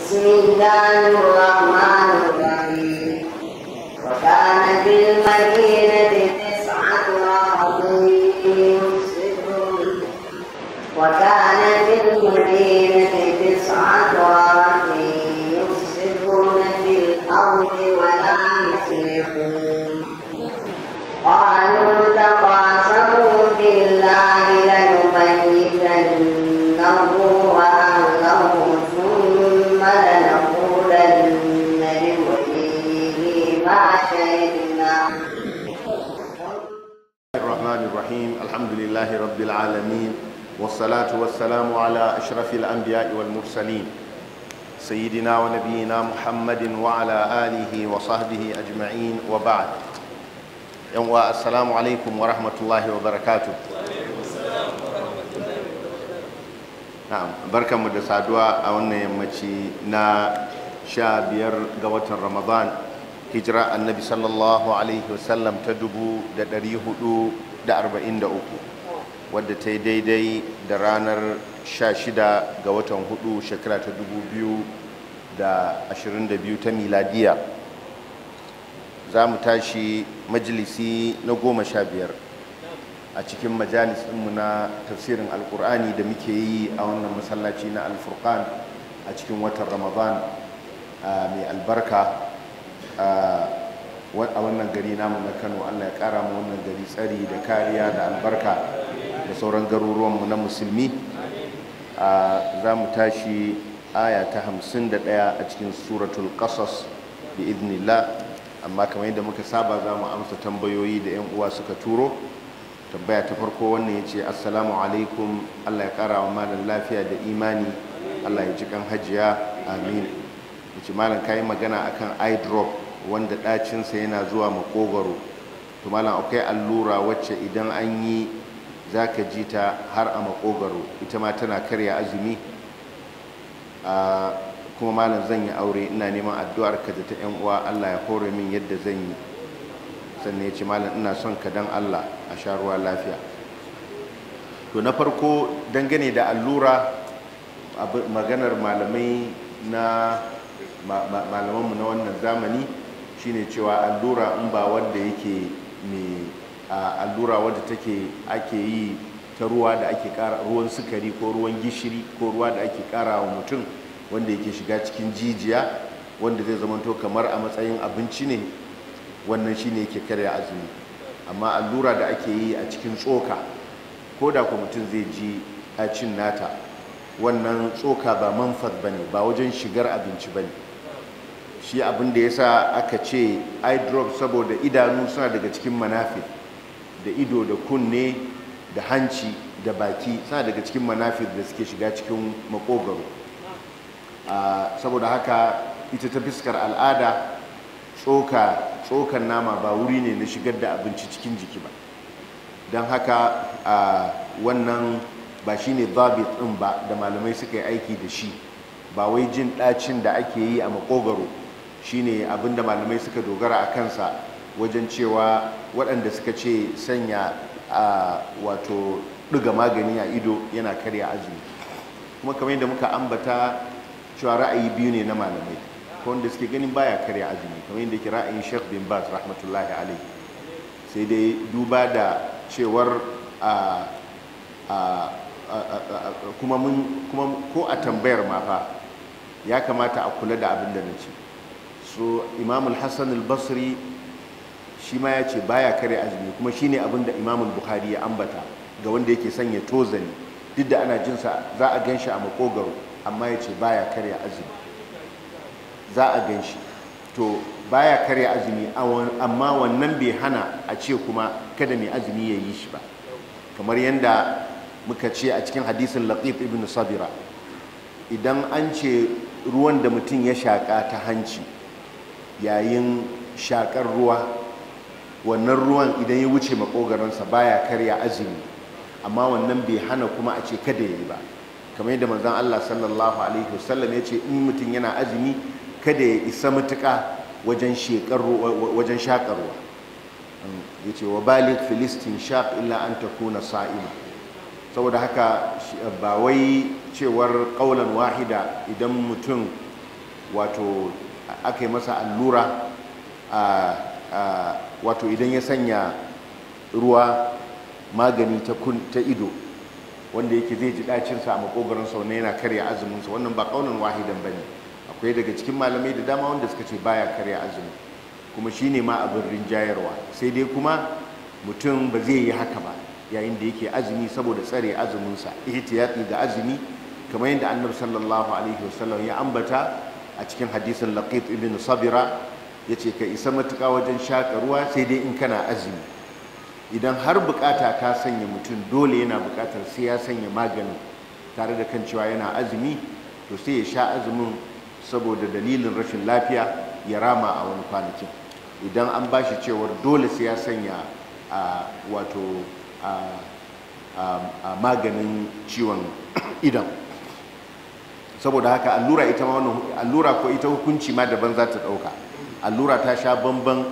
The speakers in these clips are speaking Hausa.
Bismillahirrahmanirrahim. Wa kana fi رب العالمين والصلاة والسلام على أشرف الأنبياء والمرسلين سيدنا ونبينا محمد وعلى آله وصحبه أجمعين وبعد يوم السلام عليكم ورحمة الله وبركاته نعم بركة مدرسة دعاء أولنا يمتي نا شابير قوة رمضان hijira annabi sallallahu alaihi wasallam ta dubu da ɗari hudu da arba'in da uku wadda ta yi daidai da ranar 16 ga watan 4 shekara ta 2022 ta miladiya za mu tashi majalisi na goma sha biyar a cikin majalis ɗinmu na tafsirin alkur'ani da muke yi a wannan masallaci na alfurkan a cikin watan ramadan mai albarka a wannan gari namu na kano allah ya kara mu wannan gari tsari da kariya da albarka da sauran garuruwanmu na musulmi za mu tashi aya ta hamsin da ɗaya a cikin suratul ƙasas bi idnillah amma kamar yadda muka saba za mu amsa tambayoyi da 'yan uwa suka turo tambaya ta farko wannan ya ce assalamu alaikum allah ya kara wa malam lafiya da imani allah ya ji kan hajiya amin ya ce malam ka yi magana akan eye drop wanda ɗacinsa yana zuwa makogaro to malam akwai allura wacce idan an yi za ka ji ta har a makogaro ita ma tana karya azumi kuma malam zan yi aure ina neman addu'ar ka da ta yan uwa Allah ya hore min yadda zan yi sannan ya ce malam ina son ka dan Allah a sha ruwa lafiya to na farko dangane da allura maganar malamai na malamanmu na wannan zamani shine cewa allura in ba wanda yake mai allura wadda take ake yi ta ruwa da ake kara ruwan sukari ko ruwan gishiri ko ruwa da ake kara wa mutum wanda yake shiga cikin jijiya wanda zai zamanto kamar a matsayin abinci ne wannan shine yake karya azumi amma allura da ake yi a cikin tsoka ko da ku mutum zai ji a cin nata wannan tsoka ba manfat bane ba wajen shigar abinci ba ne. shi abin da ya sa aka ce eye drop saboda idanu suna daga cikin manafi da ido da kunne da hanci da baki suna daga cikin manafi da suke shiga cikin makogaro saboda haka ita ta fiskar al'ada tsoka tsokan nama ba wuri ne na shigar da abinci cikin jiki ba don haka wannan ba shi ne zabit ɗin ba da malamai suka yi aiki da shi ba wai jin ɗacin da ake yi a makogaro shine abinda malamai suka dogara a kansa wajen cewa waɗanda suka ce sanya a wato ɗiga magani a ido yana karya azumi kuma kamar yadda muka ambata cewa ra'ayi biyu ne na malamai ko wanda suke ganin baya karya azumi kamar yadda ke ra'ayin sheikh bin baz rahmatullahi alaihi sai dai duba da cewar a kuma ko a tambayar ma fa ya kamata a kula da abin da na ce so imam hassan al-basri shi ma ya ce baya kare azumi kuma shine abin da imamul al-bukhari ya ambata ga wanda yake sanya tozali duk da ana jinsa za a gan a makogaro amma ya ce baya kare azumi za a gan shi to baya kare azumi amma wannan bai hana a ce kuma kada mai azumi ya yi shi ba kamar yadda muka ce a cikin hadisin latif ibn sabira idan an ce ruwan da mutum ya shaƙa ta hanci yayin shakar ruwa wannan ruwan idan ya wuce makogaransa baya karya azumi amma wannan bai hana kuma a ce kada ya yi ba kamar yadda manzon Allah sallallahu alaihi wasallam ya ce in mutum yana azumi kada ya isa mutuka wajen shakar wajen shakar ruwa ce wa balik filistin shaq illa an takuna sa'ima saboda haka ba wai cewar ƙaunar wahida idan mutum wato aka yi masa allura wato idan ya sanya ruwa magani ta ido wanda yake zai ji ɗacinsa a makogaron sau na yana karya azuminsa wannan ba ƙaunin wahidan ba ne akwai daga cikin malamai da dama wanda suka ce baya karya azumi kuma shi ne ma abin rinjayarwa sai dai kuma mutum ba zai yi haka ba yayin da yake azumi saboda tsare azuminsa ihtiyati ga azumi kamar yadda annabi sallallahu alaihi wasallam ya ambata a cikin hadisin laqit ibn sabira yace ka isa matuƙa wajen shaƙa ruwa sai dai in kana azumi idan har bukata ta sanya mutum dole yana bukatar sai ya sanya maganin tare da kan cewa yana azumi to sai ya sha azumin saboda dalilin rashin lafiya ya rama a wani kwanakin idan an ba shi cewar dole sai ya sanya a wato a maganin ciwon idan saboda haka allura ita ma wannan allura ko ita hukunci ma daban za ta ɗauka allura ta sha bamban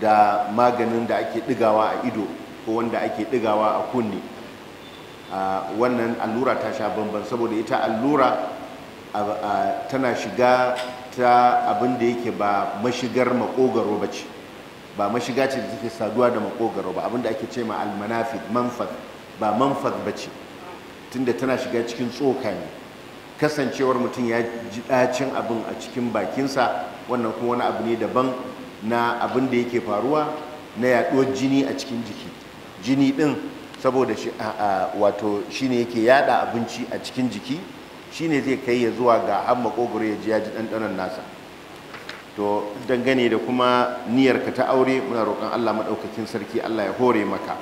da maganin da ake ɗigawa a ido ko wanda ake ɗigawa a kunne wannan allura ta sha bamban saboda ita allura tana shiga ta abin da yake ba mashigar makogaro ba ce ba mashiga ce da take saduwa da makogaro ba abin da ake ce ma almanafi manfad ba manfad ba ce tunda tana shiga cikin tsoka ne kasancewar mutum ya ji ɗacin abin a cikin bakinsa wannan kuma wani abu ne daban na abin da yake faruwa na yaɗuwar jini a cikin jiki jini ɗin saboda shi wato shine yake yaɗa abinci a cikin jiki shi ne zai kai ya zuwa ga har makogoro ya ji ya ji ɗanɗanon nasa to dangane da kuma niyyarka ta aure muna roƙon Allah maɗaukakin sarki Allah ya hore maka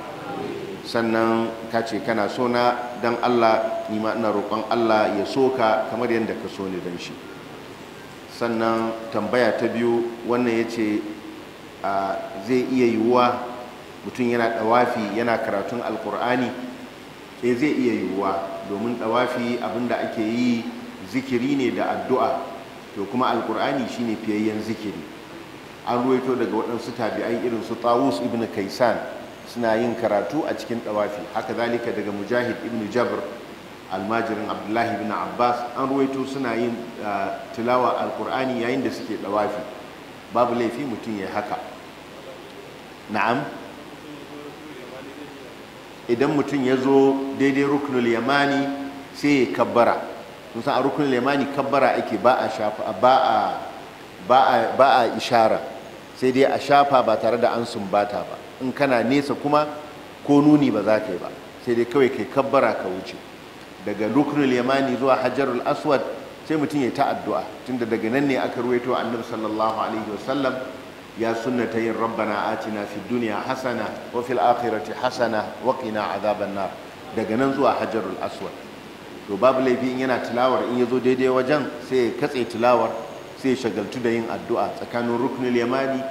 sannan ka ce kana so na don Allah nima ina roƙon Allah ya so ka kamar yadda ka so ni don shi sannan tambaya ta biyu wannan ya ce zai iya yiwuwa mutum yana ɗawafi yana karatun alkur'ani e eh, zai iya yiwuwa domin ɗawafi abinda ake yi zikiri ne da addu'a to kuma alkur'ani shine fiyayyen zikiri an ruwaito daga waɗansu tabi'ai irin su tawus ibn kaisan suna yin karatu a cikin dawafi haka zalika daga mujahid ibn jabr almajirin abdullahi ibn abbas an ruwaito suna yin ah, tilawa alkur'ani yayin da suke dawafi babu laifi mutum ya haka na'am idan mutum ya zo daidai rukunul yamani sai ya kabbara sun san a rukunul yamani kabbara ake ba a shafa ishara sai dai a shafa ba tare da an sumbata ba in kana nesa kuma ko nuni ba za ka yi ba sai dai kawai kai kabbara ka wuce daga rukunin yamani zuwa hajarul aswad sai mutum ya ta addu'a tunda daga nan ne aka ruwaito annabi sallallahu alaihi wasallam ya sunnata yin rabbana atina fid dunya hasana wa fil akhirati hasana wa qina adhaban nar daga nan zuwa hajarul aswad to babu laifi in yana tilawar in ya zo daidai wajen sai ya katse tilawar sai ya shagaltu da yin addu'a tsakanin rukunin yamani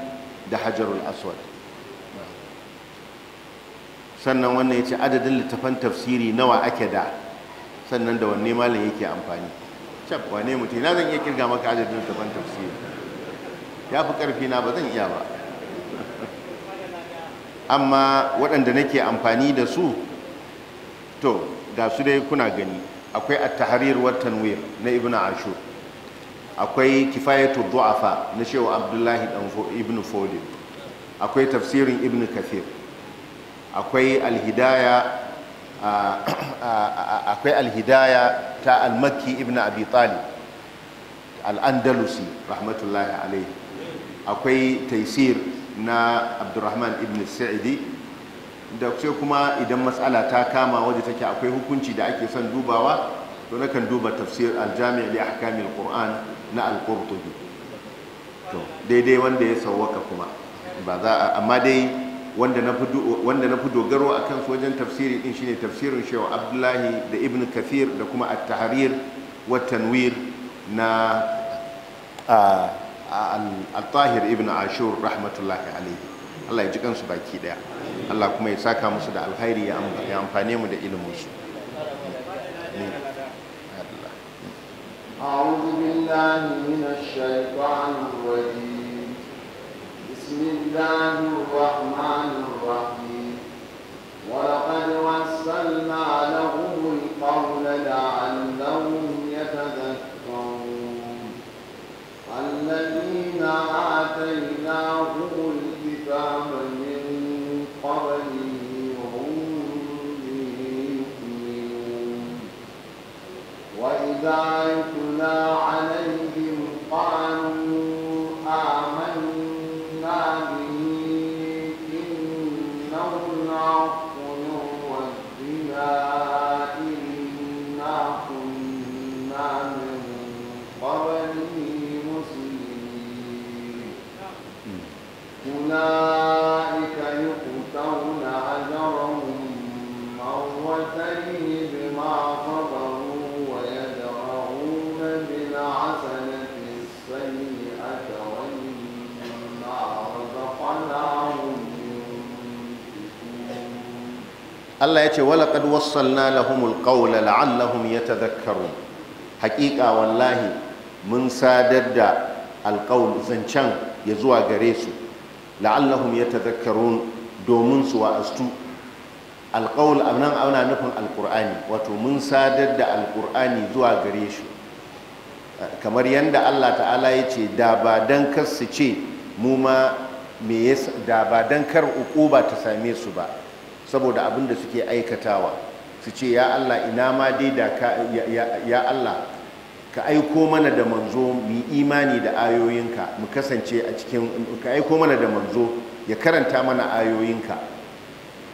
da hajarul aswad sannan wannan ya ce adadin littafan tafsiri nawa ake da sannan da wanne malam yake amfani cap wane mutum na zan iya kirga maka adadin littafan tafsiri ya fi karfi na ba zan iya ba amma waɗanda nake amfani da su to ga su dai kuna gani akwai a tahrir tanwir na ibn Ashu akwai kifayatu du'afa na shehu abdullahi ibn fodin akwai tafsirin ibn kafir akwai alhidaya akwai alhidaya ta almakki ibn abi talib al'andalusi rahmatullahi alaihi akwai taisir na abdurrahman ibn sa'idi da sai kuma idan matsala ta kama wadda take akwai hukunci da ake son dubawa to nakan duba tafsir aljami' li ahkamil qur'an na al to daidai wanda ya sawwaka kuma ba za amma dai wanda na fi dogaro a kansu wajen tafsiri din shine tafsirin shehu abdullahi da ibn kathir da kuma at-tahrir wa tanwir na al-tahir ibn ashur rahmatullahi alaihi Allah ya ji kansu baki daya Allah kuma ya saka musu da alkhairi ya amfane mu da ilimin su أعوذ بالله من الشيطان الرجيم بسم الله الرحمن الرحيم ولقد وصلنا لهم القول لعلهم يتذكرون الذين آتيناهم الكتاب من قبله هم به يؤمنون وإذا يتلى عليهم أولئك يؤتون أجرهم مرتين بما صبروا ويدرؤون بالحسنة السيئة ومما رزقناهم الله يأتي ولقد وصلنا لهم القول لعلهم يتذكرون حقيقة والله من سادد القول زنشان يزوى غريسو la'allahum yatadhakkarun domin su wa'astu alqaul ana nufin alqur'ani wato mun sadar da alqur'ani zuwa gare shi kamar yadda Allah ta'ala ya ce da ba dan kar su ce mu ma me da ba dan kar ukuba ta same su ba saboda abin da suke aikatawa su ce ya Allah ina ma dai da ka ya Allah ka aiko mana da manzo mu imani da ayoyinka mu kasance a cikin ka aiko mana da manzo ya karanta mana ayoyinka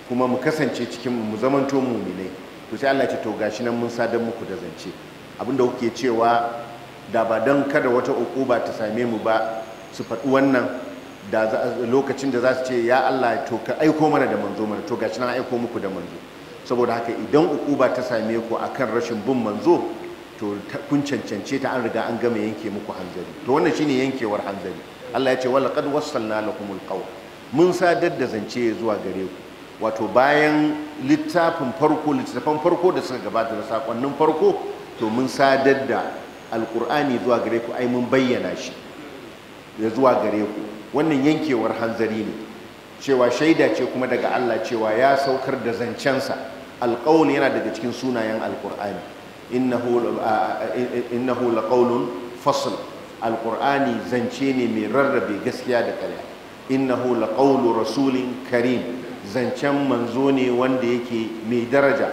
kuma mu kasance cikin mu zamanto muminai to sai Allah ya ce to gashi nan mun sadar muku da zance abinda kuke cewa da ba don kada wata ukuba ta same mu ba su faɗi wannan da lokacin da za su ce ya Allah to ka aiko mana da manzo mana to gashi nan aiko muku da manzo saboda haka idan ukuba ta same ku akan rashin bin manzo to kun cancance ta an riga an gama yanke muku hanzari to wannan shine yankewar hanzari Allah ya ce wala qad wassalna lakumul qawl mun sadar da zance zuwa gare ku wato bayan littafin farko littafan farko da suka gabata da sakonnin farko to mun sadar da alkur'ani zuwa gare ku ai mun bayyana shi ya zuwa gare ku wannan yankewar hanzari ne cewa shaida ce kuma daga Allah cewa ya saukar da zancensa alqawl yana daga cikin sunayen alkur'ani innahu laqawlun fasl alƙur'ani zance ne mai rarrabe gaskiya da ƙarya innahu laqawlu rasulin karim zancen manzo ne wanda yake mai daraja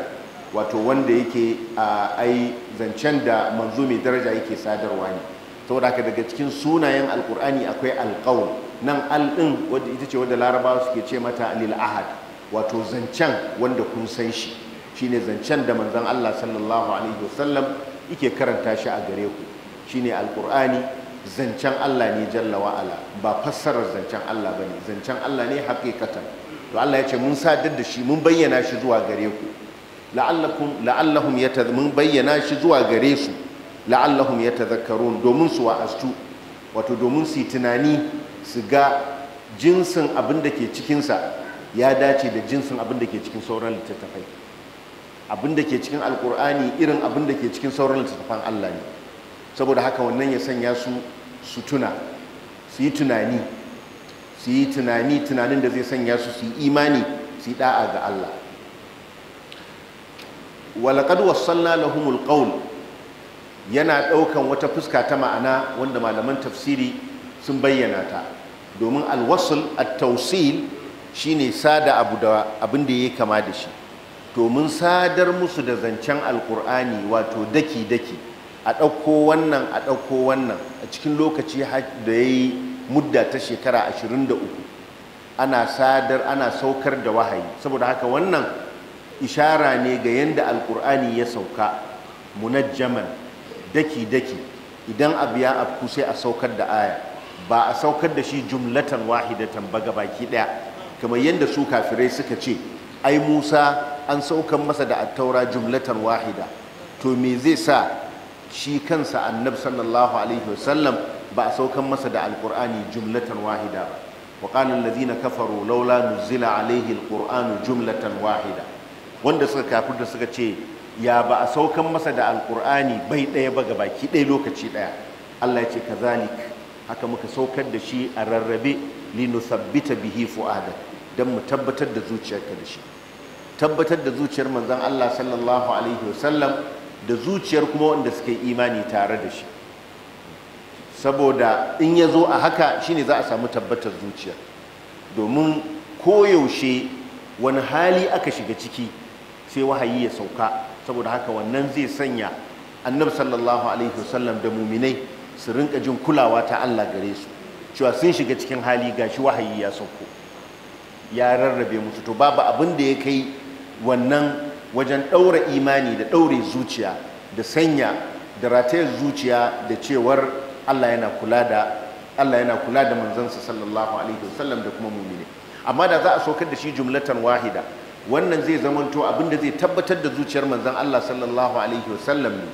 wato wanda yake a ai zancen da manzo mai daraja yake sadarwa ne saboda haka daga cikin sunayen alkur'ani akwai alƙaul nan al'in wadda ita ce wadda larabawa suke ce mata lil ahad wato zancen wanda kun san shi shine zancen da manzon Allah sallallahu alaihi wasallam yake karanta shi a gare ku shine alqur'ani zancen Allah ne jalla wa'ala ba fassarar zancen Allah bane zancen Allah ne hakikatan to Allah ya ce mun sadar da shi mun bayyana shi zuwa gare ku la'allakum la'allahum mun bayyana shi zuwa gare su la'allahum yatadhakkarun domin su wa'astu wato domin su tunani su ga jinsin abin da ke cikinsa ya dace da jinsin abin da ke cikin sauran littattafai abin ke cikin alkur'ani irin abin ke cikin sauran littattafan Allah ne saboda haka wannan ya sanya su su tuna su yi tunani su yi tunani tunanin da zai sanya su su yi imani su yi da'a ga Allah walaqad wassalna lahumul qawl yana ɗaukan wata fuska ta ma'ana wanda malaman tafsiri sun bayyana ta domin alwasul at-tawsil shine sada abu da abin da yake kama da shi to sadar musu da zancen alkur'ani wato daki-daki a ɗauko wannan a ɗauko wannan a cikin lokaci da ya yi mudda ta shekara 23 ana sadar ana saukar da wahayi saboda haka wannan ishara ne ga yadda alkur'ani ya sauka munajjaman daki-daki idan abu ya afku sai a saukar da aya ba a saukar da shi jumlatan wahidatan ba gabaki ɗaya. kamar yadda su kafirai suka ce ai musa an saukan masa da attaura jumlatan wahida to me zai sa shi kansa annab sallallahu alaihi wasallam ba a saukan masa da alkur'ani jumlatan wahida ba wa qala alladhina kafaru laula nuzila alaihi alqur'anu jumlatan wahida wanda suka kafir da suka ce ya ba a saukan masa da alkur'ani bai ɗaya ba gabaki ɗaya lokaci ɗaya Allah ya ce kazalik haka muka saukar da shi a rarrabe linusabbita bihi fu'ada dan mu tabbatar da zuciyarka da shi tabbatar da zuciyar manzon Allah sallallahu alaihi wasallam da zuciyar kuma wanda suka yi imani tare da shi saboda in ya zo a haka shine za a samu tabbatar zuciya domin koyaushe wani hali aka shiga ciki sai wahayi ya sauka saboda haka wannan zai sanya annabi sallallahu alaihi wasallam da muminai su rinka jin kulawa ta Allah gare su cewa sun shiga cikin hali gashi wahayi ya sauko ya rarrabe musu to babu abin da ya kai wannan wajen ɗaura imani da ɗaure zuciya da sanya da ratayar zuciya da cewar Allah yana kula da Allah yana kula da manzansa sallallahu alaihi wasallam da kuma mumine amma da za a saukar da shi jumlatan wahida wannan zai zamanto abinda zai tabbatar da zuciyar manzan Allah sallallahu alaihi wasallam ne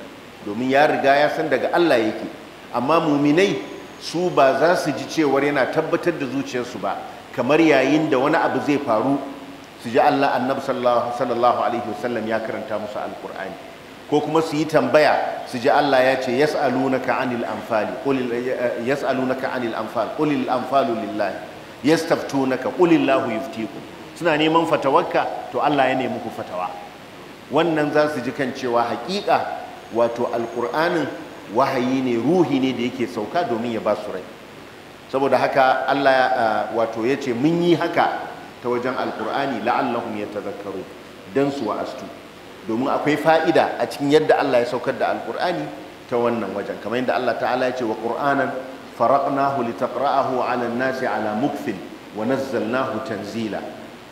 domin ya riga ya san daga Allah yake amma muminai su ba za su ji cewar yana tabbatar da zuciyarsu ba kamar yayin da wani abu zai faru su ji Allah annabi sallallahu alaihi wasallam ya karanta musu alkur'ani ko kuma su yi tambaya su ji Allah ya ce yas'alunaka anil anfali qul yas'alunaka anil anfal qul al anfalu lillahi yastaftunaka qul illahu yuftikum suna neman fatawarka to Allah ya ne muku fatawa wannan za su ji kan cewa haƙiƙa, wato alkur'anin wahayi ne ruhi ne da yake sauka domin ya ba su rai saboda haka Allah wato ya ce mun yi haka ta wajen alkur'ani la'allahum yatadhakkaru dan su wa'astu domin akwai fa'ida a cikin yadda Allah ya saukar da alkur'ani ta wannan wajen kamar yadda Allah ta'ala ya ce wa qur'anan faraqnahu litaqra'ahu 'ala an-nasi 'ala mukfin wa nazzalnahu tanzila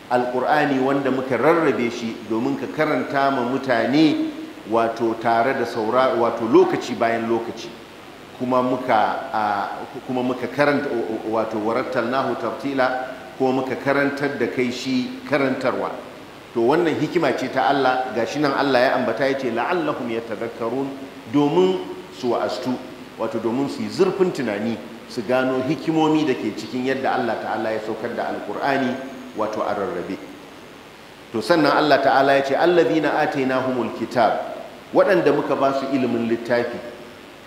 alkur'ani wanda muka rarrabe shi domin ka karanta ma mutane wato tare da saura wato lokaci bayan lokaci kuma muka kuma muka karanta wato warattalnahu tartila ko muka karantar da kai shi karantarwa to wannan hikima ce ta Allah ga shi nan Allah ya ambata ya yace la'allahum yatadhakkarun domin su wa'astu wato domin su yi zurfin tunani su gano hikimomi da ke cikin yadda Allah ta'ala ya saukar da alkur'ani wato a rarrabe to sannan Allah ta'ala ya ce allazina atainahumul kitab waɗanda muka ba su ilimin littafi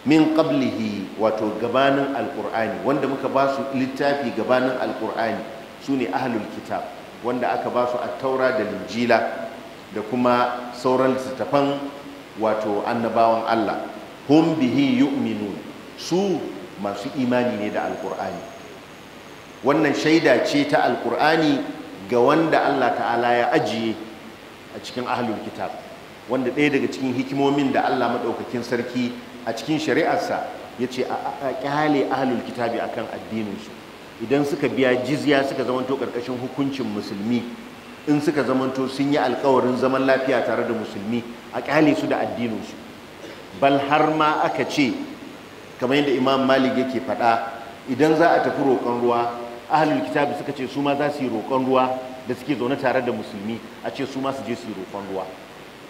min qablihi wato gabanin alkur'ani wanda muka ba su littafi gabanin alkur'ani su ne ahlul kitab wanda aka ba su a taura da linjila da kuma sauran littattafan wato annabawan Allah hum bihi yu'minun su masu imani ne da alkur'ani wannan shaida ce ta alkur'ani ga wanda Allah ta'ala ya ajiye a cikin ahalul kitab wanda ɗaya daga cikin hikimomin da Allah maɗaukakin sarki a cikin shari'arsa ya ce a ƙyale ahalul kitabi kan addininsu idan suka biya jizya suka zamanto karkashin hukuncin musulmi in suka zamanto sun yi alkawarin zaman lafiya tare da musulmi a kyale su da addininsu bal har ma aka ce kamar yadda imam malik yake faɗa idan za a tafi roƙon ruwa ahalul kitabi suka ce su ma za su yi roƙon ruwa da suke zaune tare da musulmi a ce su ma su je su yi roƙon ruwa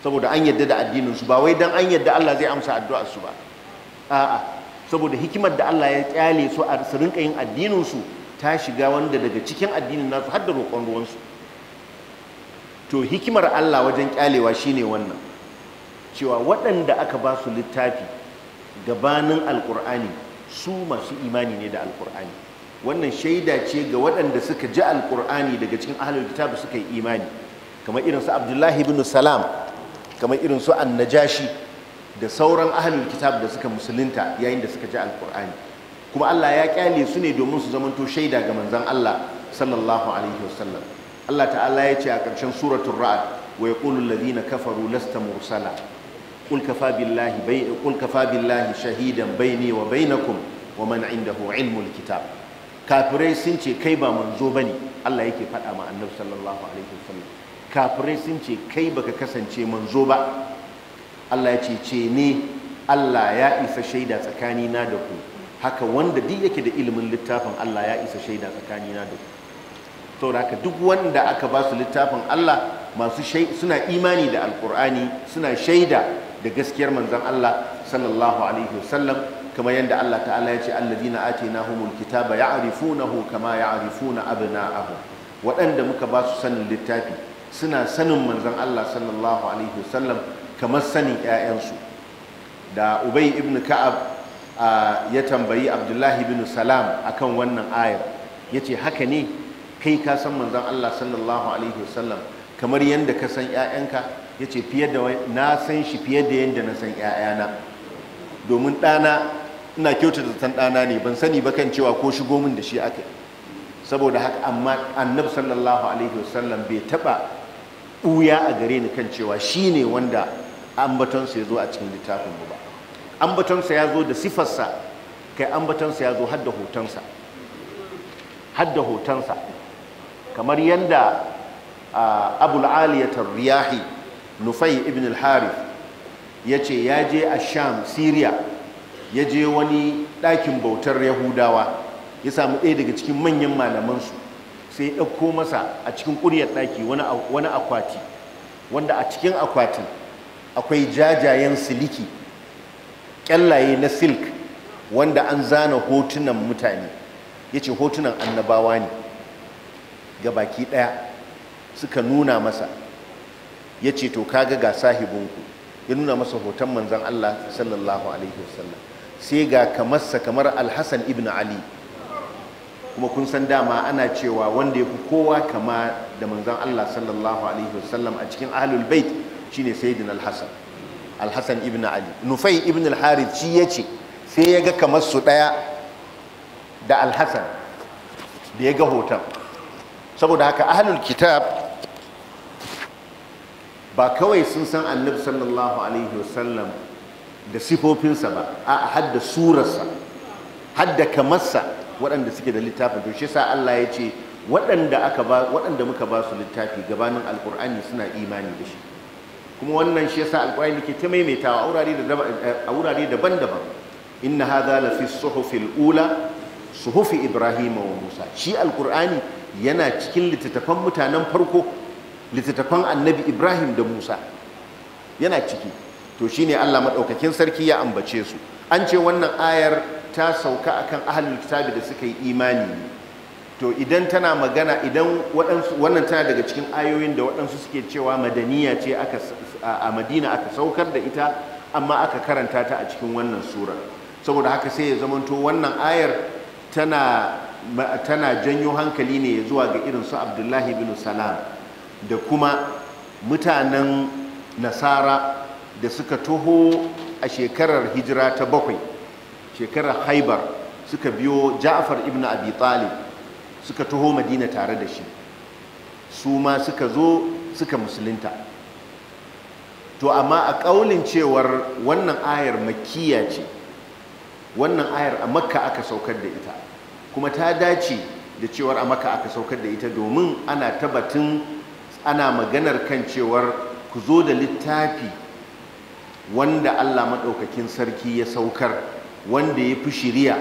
saboda an yadda da addininsu ba wai dan an yadda Allah zai amsa addu'a su ba a'a saboda hikimar da Allah ya kyale su a su rinka yin addininsu ta shiga wanda daga cikin addinin nasu har da roƙon ruwansu to hikimar Allah wajen kyalewa shine wannan cewa waɗanda aka ba su littafi gabanin alƙur'ani su masu imani ne da alƙur'ani wannan shaida ce ga waɗanda suka ji alƙur'ani daga cikin ahlul kitab suka yi imani kamar irin su Abdullahi ibn Salam kamar irin su Annajashi da sauran ahlul kitab da suka musulunta yayin da suka ji alƙur'ani kuma Allah ya kyale su ne domin su zamanto shaida ga manzon Allah sallallahu alaihi wasallam Allah ta'ala ya ce a ƙarshen suratul ra'd wa yaqulu alladhina kafaru lasta mursala qul kafa billahi bay qul kafa billahi shahidan bayni wa bainakum wa man indahu ilmul kitab kafirai sun ce kai ba manzo bane Allah yake faɗa ma annabi sallallahu alaihi wasallam kafirai sun ce kai baka kasance manzo ba Allah ya ce ce ne Allah ya isa shaida tsakanina da ku haka wanda duk yake da ilimin littafin Allah ya isa shaida tsakanina da to haka duk wanda aka ba su littafin Allah masu suna imani da alkur'ani suna shaida da gaskiyar manzon Allah sallallahu alaihi wasallam kamar yadda Allah ta'ala ya ce alladina atainahumul kitaba ya'rifunahu kama ya'rifuna abna'ahum waɗanda muka ba su sanin littafi suna sanin manzon Allah sallallahu alaihi wasallam kamar sanin 'ya'yansu da Ubay ibn Ka'ab ya tambayi abdullahi bin salam akan wannan ayar ya ce haka ne kai ka san manzan allah sallallahu alaihi wasallam kamar yadda ka san 'ya'yanka ya ce fiye da na san shi fiye da yadda na san 'ya'yana domin ɗana ina kyauta da san ɗana ne ban sani ba kan cewa ko shigo min da shi aka saboda haka amma annabi sallallahu alaihi wasallam bai taɓa ɓuya a gare ni kan cewa shi ne wanda an batonsa ya zo a cikin littafin ba ambatonsa ya zo da sifarsa kai ambatonsa ya zo hadda hotonsa hadda hotonsa kamar yadda abu al'aliyatar riyahi nufai ibn al-harif ya ce ya je a sham syria ya je wani ɗakin bautar yahudawa ya samu ɗaya daga cikin manyan malamansu sai ya ɗauko masa a cikin ƙuryar ɗaki wani akwati wanda a cikin akwatin akwai jajayen siliki kyallaye na silk wanda an zana hotunan mutane ya ce hotunan annabawa ne ga baki ɗaya suka nuna masa ya ce to kaga ga sahibinku ya nuna masa hoton manzan Allah sallallahu alaihi wasallam sai ga kamarsa kamar alhassan ibn ali kuma kun san dama ana cewa wanda ya fi kowa kama da manzan Allah sallallahu alaihi wasallam a cikin ahlul bait shine sayyidina alhassan alhassan ibn ali nufai ibn al-harith shi ya ce sai ya ga kamar su ɗaya da alhassan da ya ga hoton saboda haka ahlul kitab ba kawai sun san annabi sallallahu alaihi wasallam da sifofinsa ba a hadda surarsa hadda kamarsa waɗanda suke da littafin to shi sa Allah ya ce waɗanda muka ba su littafi gabanin alkur'ani suna imani da shi kuma wannan shi yasa alqur'ani ke ta maimaitawa a wurare daban-daban inna hadha la fi suhufil ula suhufi ibrahim wa musa shi alqur'ani yana cikin littattafan mutanen farko littattafan annabi ibrahim da musa yana ciki to shine Allah madaukakin sarki ya ambace su an ce wannan ayar ta sauka a kan ahalin kitabi da suka yi imani to idan tana magana idan wannan tana daga cikin ayoyin da waɗansu suke cewa madaniya ce aka a madina aka saukar da ita amma aka karanta ta a cikin wannan sura saboda haka sai ya zamanto wannan ayar tana janyo hankali ne zuwa ga irin su abdullahi bin salam da kuma mutanen nasara da suka toho a shekarar hijira ta bakwai shekarar haibar suka biyo ja'afar ibn abi talib suka toho madina tare da shi su ma suka zo suka musulunta to amma a ƙaulin cewar wannan ayar makiya ce wannan ayar a makka aka saukar da ita kuma ta dace da cewar a makka aka saukar da ita domin ana tabbatin ana maganar kan cewar ku zo da littafi wanda allah maɗaukakin sarki ya saukar wanda ya fi shirya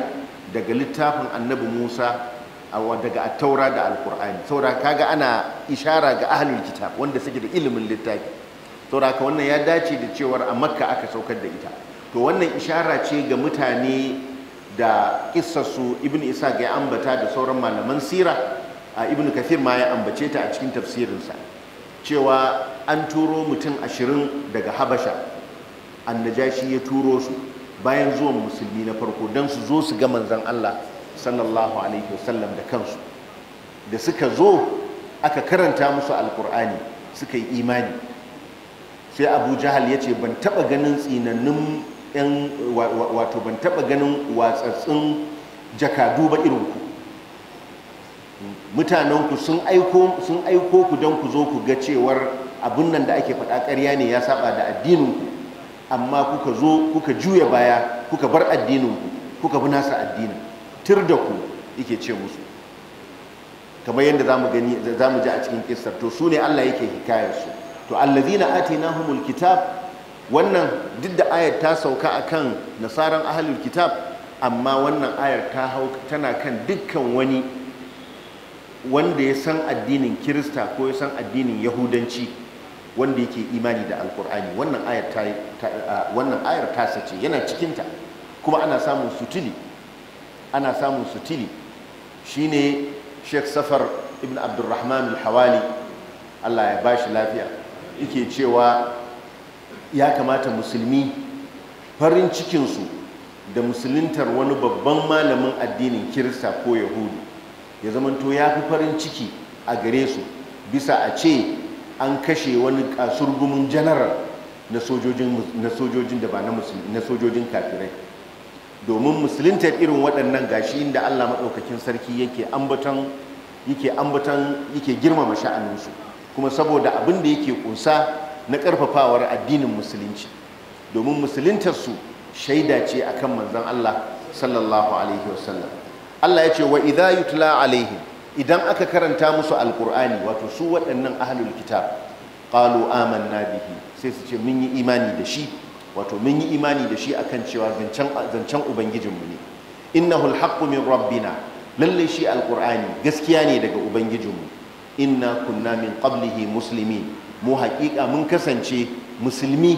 daga littafin annabi musa daga attaura da alkur'ani saura kaga ana ishara ga ahalin kitab wanda suke da ilimin littafi sauraka wannan ya dace da cewar a makka aka saukar da ita to wannan ishara ce ga mutane da kissarsu ibn isa ga ya ambata da sauran malaman sira a ibn kafir ma ya ambace ta a cikin tafsirinsa cewa an turo mutum ashirin daga habasha annajashi ya turo su bayan zuwan musulmi na farko don su zo su ga manzan allah sallallahu alaihi wasallam da kansu da suka zo aka karanta musu alkur'ani suka yi imani sai abu jahal ya ce ban taba ganin tsinannun yan wato ban taba ganin watsatsun jakadu ba irin ku mutanen ku sun aiko ku don ku zo ku ga cewar abin nan da ake faɗa ƙarya ne ya saba da addinin ku amma kuka zo kuka juya baya kuka bar addinin ku kuka bi nasa addinin tir da ku yake ce musu kamar yadda za mu ji a cikin kistar to su ne Allah yake hikayarsu to allazina atainahumul kitab wannan duk da ayar ta sauka akan nasaran ahlul kitab amma wannan ayar ta hau tana kan dukkan wani wanda ya san addinin kirista ko ya san addinin yahudanci wanda yake imani da alkur'ani wannan ayar ta wannan ayar ta sace yana cikinta kuma ana samun sutili ana samun sutili shine Sheikh Safar ibn Abdulrahman al-Hawali Allah ya bashi lafiya yake cewa ya kamata musulmi farin cikinsu da musuluntar wani babban malamin addinin kirista ko yahudu ya zamanto ya fi farin ciki a gare su bisa a ce an kashe wani kasurgumin janaral na sojojin da ba na sojojin kafirai domin musuluntar irin waɗannan gashi inda allah maɗaukakin sarki yake ambaton yake girmama sha'aninsu kuma saboda abin da yake kunsa na karfafawar addinin musulunci domin musuluntarsu shaida ce akan manzan Allah sallallahu alaihi wasallam Allah ya ce wa idha yutla alaihim idan aka karanta musu alkur'ani wato su waɗannan ahlul kitab qalu amanna bihi sai su ce mun yi imani da shi wato mun yi imani da shi akan cewa zancen zancen ubangijinmu ne Inna haqqu min rabbina lallai shi alkur'ani gaskiya ne daga ubangijinmu inna kunna min qablihi muslimin mu haƙiƙa mun kasance musulmi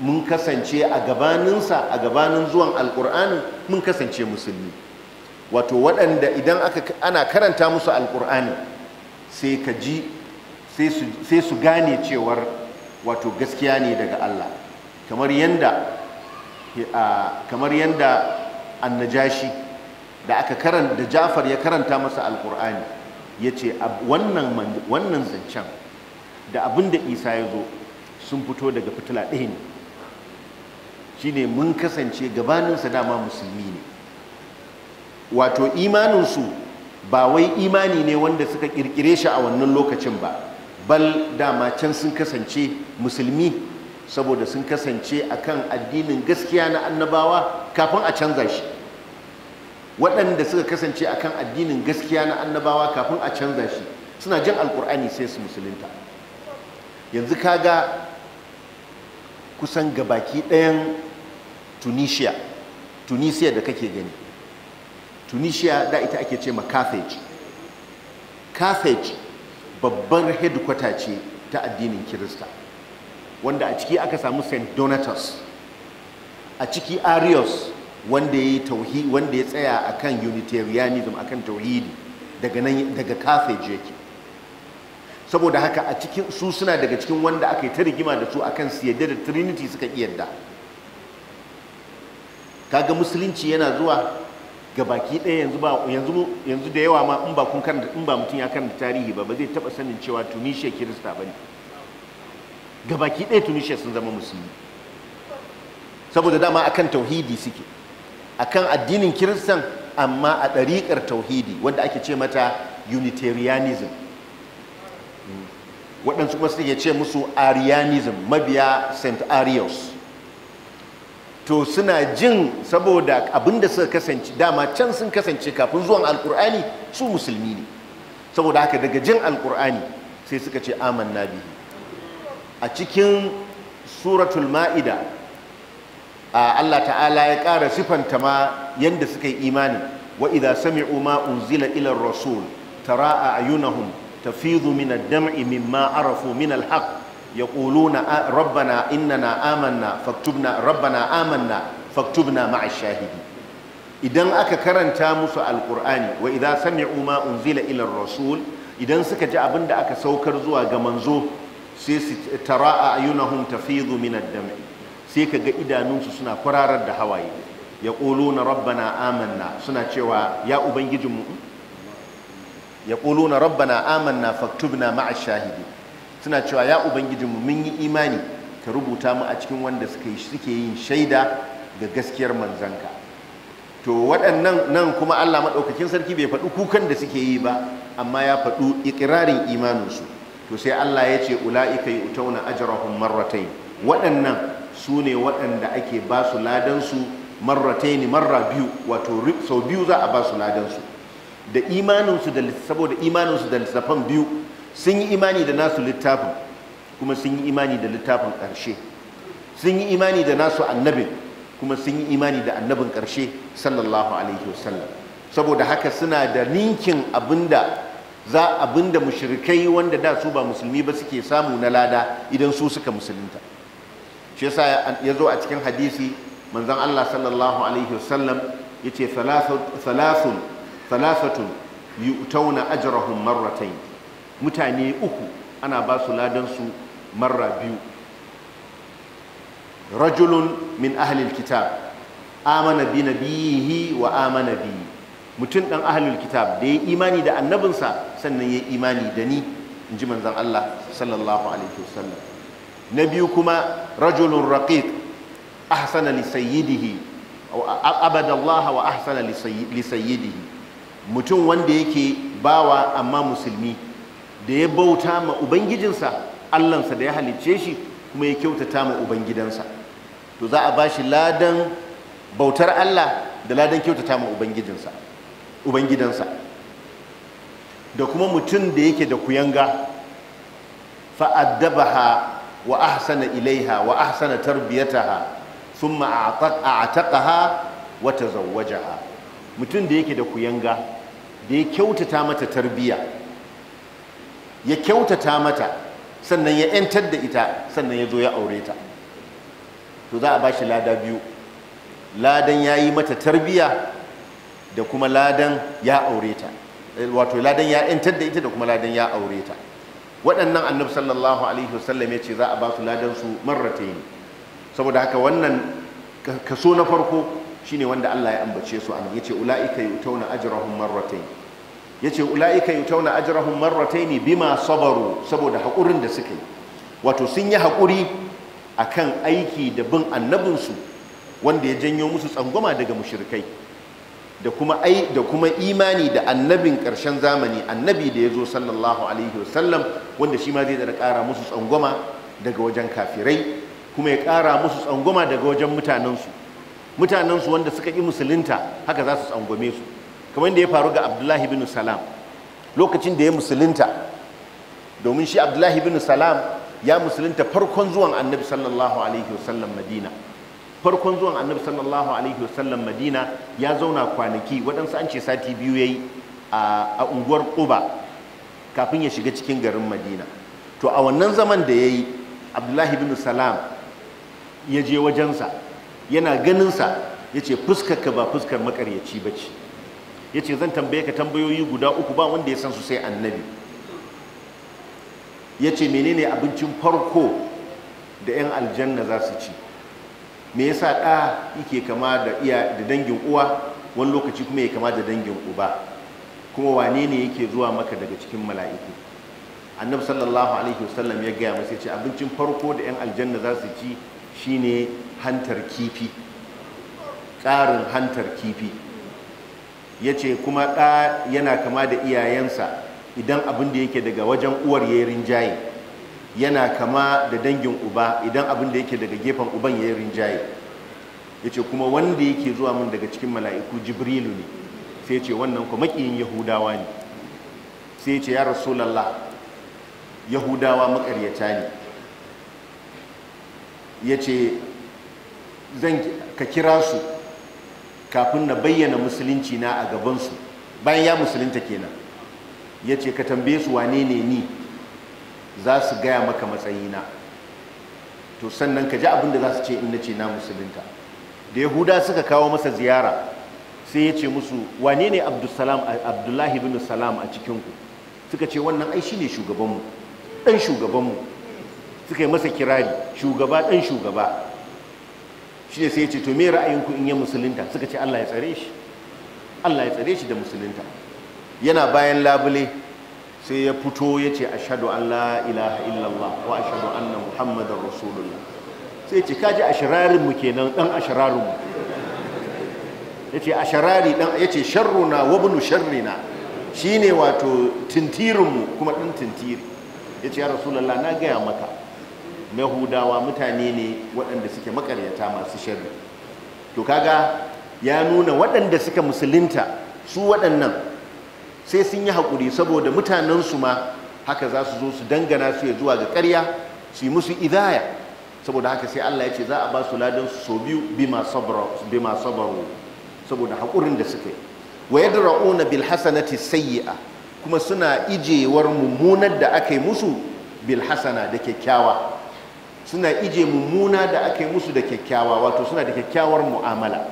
mun kasance a gabaninsa a gabanin zuwan alƙur'ani mun kasance musulmi wato waɗanda idan ana karanta musu alƙur'ani sai ka ji sai su gane cewar wato gaskiya ne daga Allah kamar yanda kamar yanda annajashi da aka karanta da Jafar ya karanta masa alƙur'ani ya ce wannan zancen da abin da isa ya zo sun fito daga fitila ɗaya ne shi ne mun kasance gabaninsa dama musulmi ne wato imaninsu ba wai imani ne wanda suka kirkire shi a wannan lokacin ba bal dama can sun kasance musulmi saboda sun kasance akan addinin gaskiya na annabawa kafin a canza shi waɗanda suka kasance a kan addinin gaskiya na annabawa kafin a canza shi suna jin alkur'ani sai su musulunta yanzu kaga kusan gabaki ɗayan tunisia tunisia da kake gani tunisia da ita ake ce ma carthage carthage babbar headquarter ce ta addinin kirista wanda a ciki aka samu st donatus a ciki arius wanda ya tauhi wanda ya tsaya akan unitarianism akan tauhidi daga nan daga carthage yake saboda haka a cikin su suna daga cikin wanda aka yi ta rigima da su akan su yadda da trinity suka ki yadda kaga musulunci yana zuwa ga baki ɗaya yanzu ba yanzu yanzu da yawa ma in ba kun karanta in ba mutum ya karanta tarihi ba ba zai taba sanin cewa tunisia kirista bane ga baki ɗaya tunisia sun zama musulmi saboda dama akan tauhidi suke akan addinin kiristan amma a ɗariƙar tauhidi wanda ake ce mata unitarianism waɗansu kuma suke ce musu arianism mabiya st arius to suna jin saboda abinda suka kasance dama can sun kasance kafin zuwan alkur'ani su musulmi ne saboda haka daga jin alkur'ani sai suka ce Amanna biyu a cikin suratul ma'ida Allah ta'ala ya ƙara sifanta ma yanda suka yi imani wa idza sami'u ma unzila ila rasul tara ayunahum tafidu min ad-dam'i mimma arafu min al-haqq yaquluna rabbana innana amanna faktubna rabbana amanna faktubna ma'a shahidi idan aka karanta musu Alƙur'ani wa idza sami'u ma unzila ila rasul idan suka ji abin da aka saukar zuwa ga manzo sai su tara ayunahum tafidu min ad-dam'i sai ka ga idanunsu suna kwararar da hawaye ya na rabbana amanna suna cewa ya ubangijinmu ya na rabbana amanna faktubna ma'a shahidi suna cewa ya ubangijinmu mun yi imani ka rubuta mu a cikin wanda suke yin shaida ga gaskiyar manzanka to waɗannan nan kuma allah maɗaukakin sarki bai faɗi kukan da suke yi ba amma ya faɗi ikirarin imaninsu to sai allah ya ce ula'ika yi utauna ajarahun marratai waɗannan su ne waɗanda ake ba su ladansu marrataini marra biyu wato sau biyu za a ba su ladansu da imaninsu da saboda imaninsu da littafan biyu sun yi imani da nasu littafin kuma sun yi imani da littafin ƙarshe sun yi imani da nasu annabin kuma sun yi imani da annabin ƙarshe sallallahu alaihi wasallam saboda haka suna da ninkin abinda za abinda mushrikai wanda da su ba musulmi ba suke samu na lada idan su suka musulunta shi yasa ya zo a cikin hadisi manzon Allah sallallahu alaihi wasallam yace thalathun thalathatun yu'tawna ajrahum marratayn mutane uku ana ba su ladan su marra biyu rajulun min ahlil kitab amana bi wa amana bi mutum dan ahlul kitab da ya imani da annabinsa sannan ya imani da ni in ji manzon Allah sallallahu alaihi wasallam na biyu kuma rajulun raqiq ahsana li sayyidihi abada Allah wa ahsana li sayyidihi mutum wanda yake bawa amma musulmi da ya bauta ma ubangijinsa allansa da ya halicce shi kuma ya kyautata ma ubangidansa to za a bashi ladan bautar Allah da ladan kyautata ma ubangijinsa ubangidansa da kuma mutum da yake da kuyanga fa'addabaha wa ahsana ilaiha wa ahsana tarbiyataha thumma a'taqaha wa tazawwajaha mutum da yake da ku yanga da ya kyautata mata tarbiya ya kyautata mata sannan ya yantar da ita sannan ya zo ya aure ta to za a ba shi lada biyu ladan ya yi mata tarbiya da kuma ladan ya aure ta eh, wato ladan ya yantar da ita da kuma ladan ya aure ta waɗannan annabi sallallahu alaihi wasallam ya ce za a ba su ladan su marratayn saboda haka wannan kaso na farko shine wanda Allah ya ambace su an yace ulaika yutawna ajrahum marratayn yace ulaika yutawna ajrahum marratayn bima sabaru saboda hakurin da suka yi wato sun yi hakuri akan aiki da bin annabinsu wanda ya janyo musu tsangwama daga mushrikai da kuma ai da kuma imani da annabin ƙarshen zamani annabi da ya zo sallallahu alaihi wasallam wanda shi ma zai da ƙara musu tsangwama daga wajen kafirai kuma ya ƙara musu tsangwama daga wajen mutanensu mutanensu wanda suka ƙi musulunta haka za su tsangwame su kamar da ya faru ga abdullahi bin salam lokacin da ya musulunta domin shi abdullahi bin salam ya musulunta farkon zuwan annabi sallallahu alaihi wasallam madina farkon zuwan annabi sallallahu alaihi wasallam madina ya zauna kwanaki waɗansu an ce sati biyu ya yi a unguwar ƙuba kafin ya shiga cikin garin madina to a wannan zaman da ya yi abdullahi bin salam ya je wajensa yana ganinsa ya ce fuskarka ba fuskar makaryaci ba ce ya ce zan tambaye ka tambayoyi guda uku ba wanda ya san su sai annabi ya ce menene abincin farko da 'yan aljanna za su ci me yasa ɗa yake kama da iya da dangin uwa wani lokaci kuma ya kama da dangin uba kuma wane ne yake zuwa maka daga cikin mala'iku annabi sallallahu alaihi wasallam ya gaya masa ce abincin farko da 'yan aljanna za su ci shine hantar kifi ƙarin hantar kifi ya ce kuma ɗa yana kama da iyayensa idan abin da yake daga wajen uwar ya rinjaye yana kama da dangin uba idan abin da yake daga gefen uban ya yi rinjaye ya ce kuma wanda yake zuwa min daga cikin mala'iku jibrilu ne sai ce wannan kuma makiyin yahudawa ne sai ce ya rasulallah yahudawa makaryata ne ya ce ka kira su kafin na bayyana musulunci na a gabansu bayan ya musulunta kenan ya ce ka tambaye su wane ne ni za su gaya maka matsayina to sannan ka ji abin da za su ce in na ce na musulunta da yahuda suka kawo masa ziyara sai ya ce musu wane ne abdullahi bin salam a cikinku suka ce wannan ai shine shugabanmu ɗan shugabanmu suka yi masa kirari shugaba ɗan shugaba shi ne sai ya ce to me ra'ayinku in ya musulunta suka ce allah ya tsare shi allah ya tsare shi da musulunta yana bayan labule sai ya fito ya ce ashadu an la ilaha illallah wa ashadu na muhammadar rasulullah sai ce kaji ashirarinmu kenan dan ashirarinmu ya ce shirari dan ya ce sharruna wa bunu sharrina ne wato tintirinmu kuma dan tintiri ya ce ya rasulullah na gaya maka yahudawa mutane ne waɗanda suke makaryata masu sharri to kaga ya nuna waɗanda suka musulunta su waɗannan sai sun yi haƙuri saboda mutanensu ma haka za su zo su dangana su ya zuwa ga ƙarya su yi musu idaya saboda haka sai Allah ya ce za a ba su ladan su sau biyu bima sabaru saboda haƙurin da suka yi wa ra'una bil hasanati sayyi'a kuma suna ijewar mummunar da aka yi musu bil hasana da kyakkyawa suna ije mummuna da aka yi musu da kyakkyawa wato suna da kyakkyawar mu'amala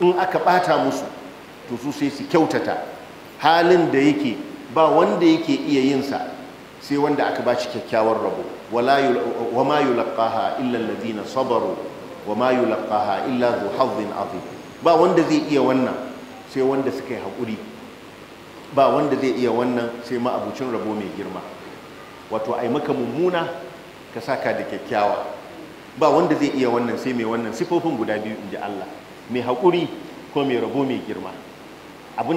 in aka ɓata musu to su sai su kyautata halin da yake ba wanda yake iya yin sa sai wanda aka ba shi kyakkyawar rabo wa ma yulqaha illa alladhina sabaru wa ma yulqaha illa dhu hazzin azim ba wanda zai iya wannan sai wanda suka yi hakuri ba wanda zai iya wannan sai ma abucin rabo mai girma wato ai maka mummuna ka saka da kyakkyawa ba wanda zai iya wannan sai mai wannan sifofin guda biyu inji Allah mai haƙuri ko mai rabo mai girma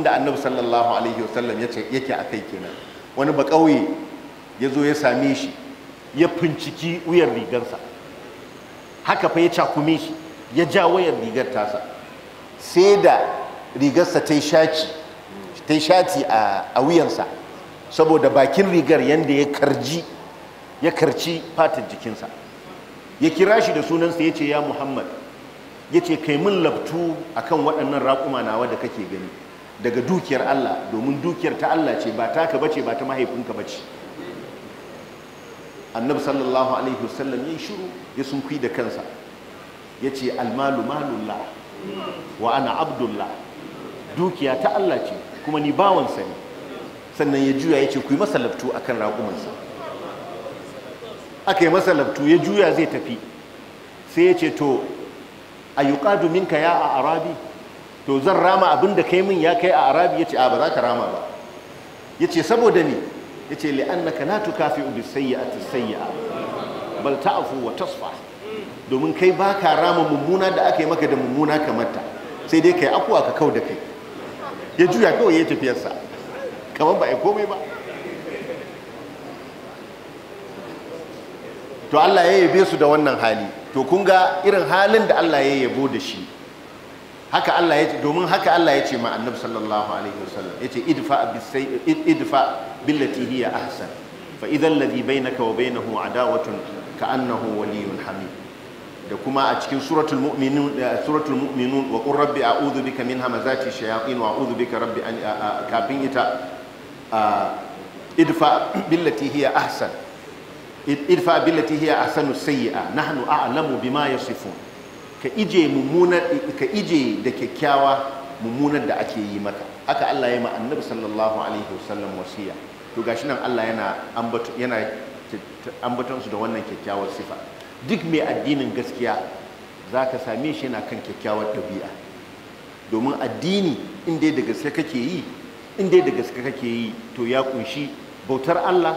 da annabi sallallahu alaihi wasallam yake a kai kenan wani ba ƙauye ya zo ya same shi ya finciki wuyar rigarsa haka fa ya cakume shi ya ja wayar rigar tasa sai da rigarsa ta yi shati a wuyansa saboda bakin rigar yadda ya karji ya karci fatan jikinsa ya kira shi da sunansa ya ce ya muhammad ya ce kai min labtu akan waɗannan raƙuma nawa da kake gani daga dukiyar Allah domin dukiyar ta Allah ce ba taka bace ba ta mahaifinka bace annabi sallallahu alaihi wasallam ya shiru ya sunkui da kansa Yace ce almalu malullah wa ana abdullah dukiya ta Allah ce kuma ni bawansa ne sannan ya juya ya ce ku yi a kan raƙumansa aka yi masalabtu ya juya zai tafi sai yace ce to a yuƙadu minka ya a arabi to zan rama abin da kai min ya kai a arabi ce a ba za ka rama ba Ya ce saboda me yace li'annaka la tukafi'u sayya sayyi'ati sayyi'a bal ta'afu wa tasfa domin kai ba ka rama mummuna da aka yi maka da mummuna kamar ta sai dai kai akuwa ka kau da kai ya juya kawai ya tafiyarsa kamar ba a komai ba to Allah ya yabe su da wannan hali to kun ga irin halin da Allah ya yabo da shi haka Allah yace domin haka Allah yace ma annabi sallallahu alaihi wasallam yace idfa bisay idfa billati hiya ahsan fa idha alladhi bainaka wa bainahu adawatun annahu waliyyun hamid da kuma a cikin suratul mu'minun suratul mu'minun wa qur rabbi a'udhu bika min hamazati shayatin wa a'udhu bika rabbi an kafin ita idfa billati hiya ahsan idfa billati hiya ahsanu sayyi'a nahnu a'lamu bima yasifun ka ije mummunar ka ije da kyakkyawa mummunar da ake yi maka aka Allah ya ma annabi sallallahu alaihi wasallam wasiya to gashi nan Allah yana ambato yana su da wannan kyakkyawar sifa duk mai addinin gaskiya zaka same shi yana kan kyakkyawar ɗabi'a domin addini inda da gaske kake yi inda da gaske kake yi to ya kunshi bautar Allah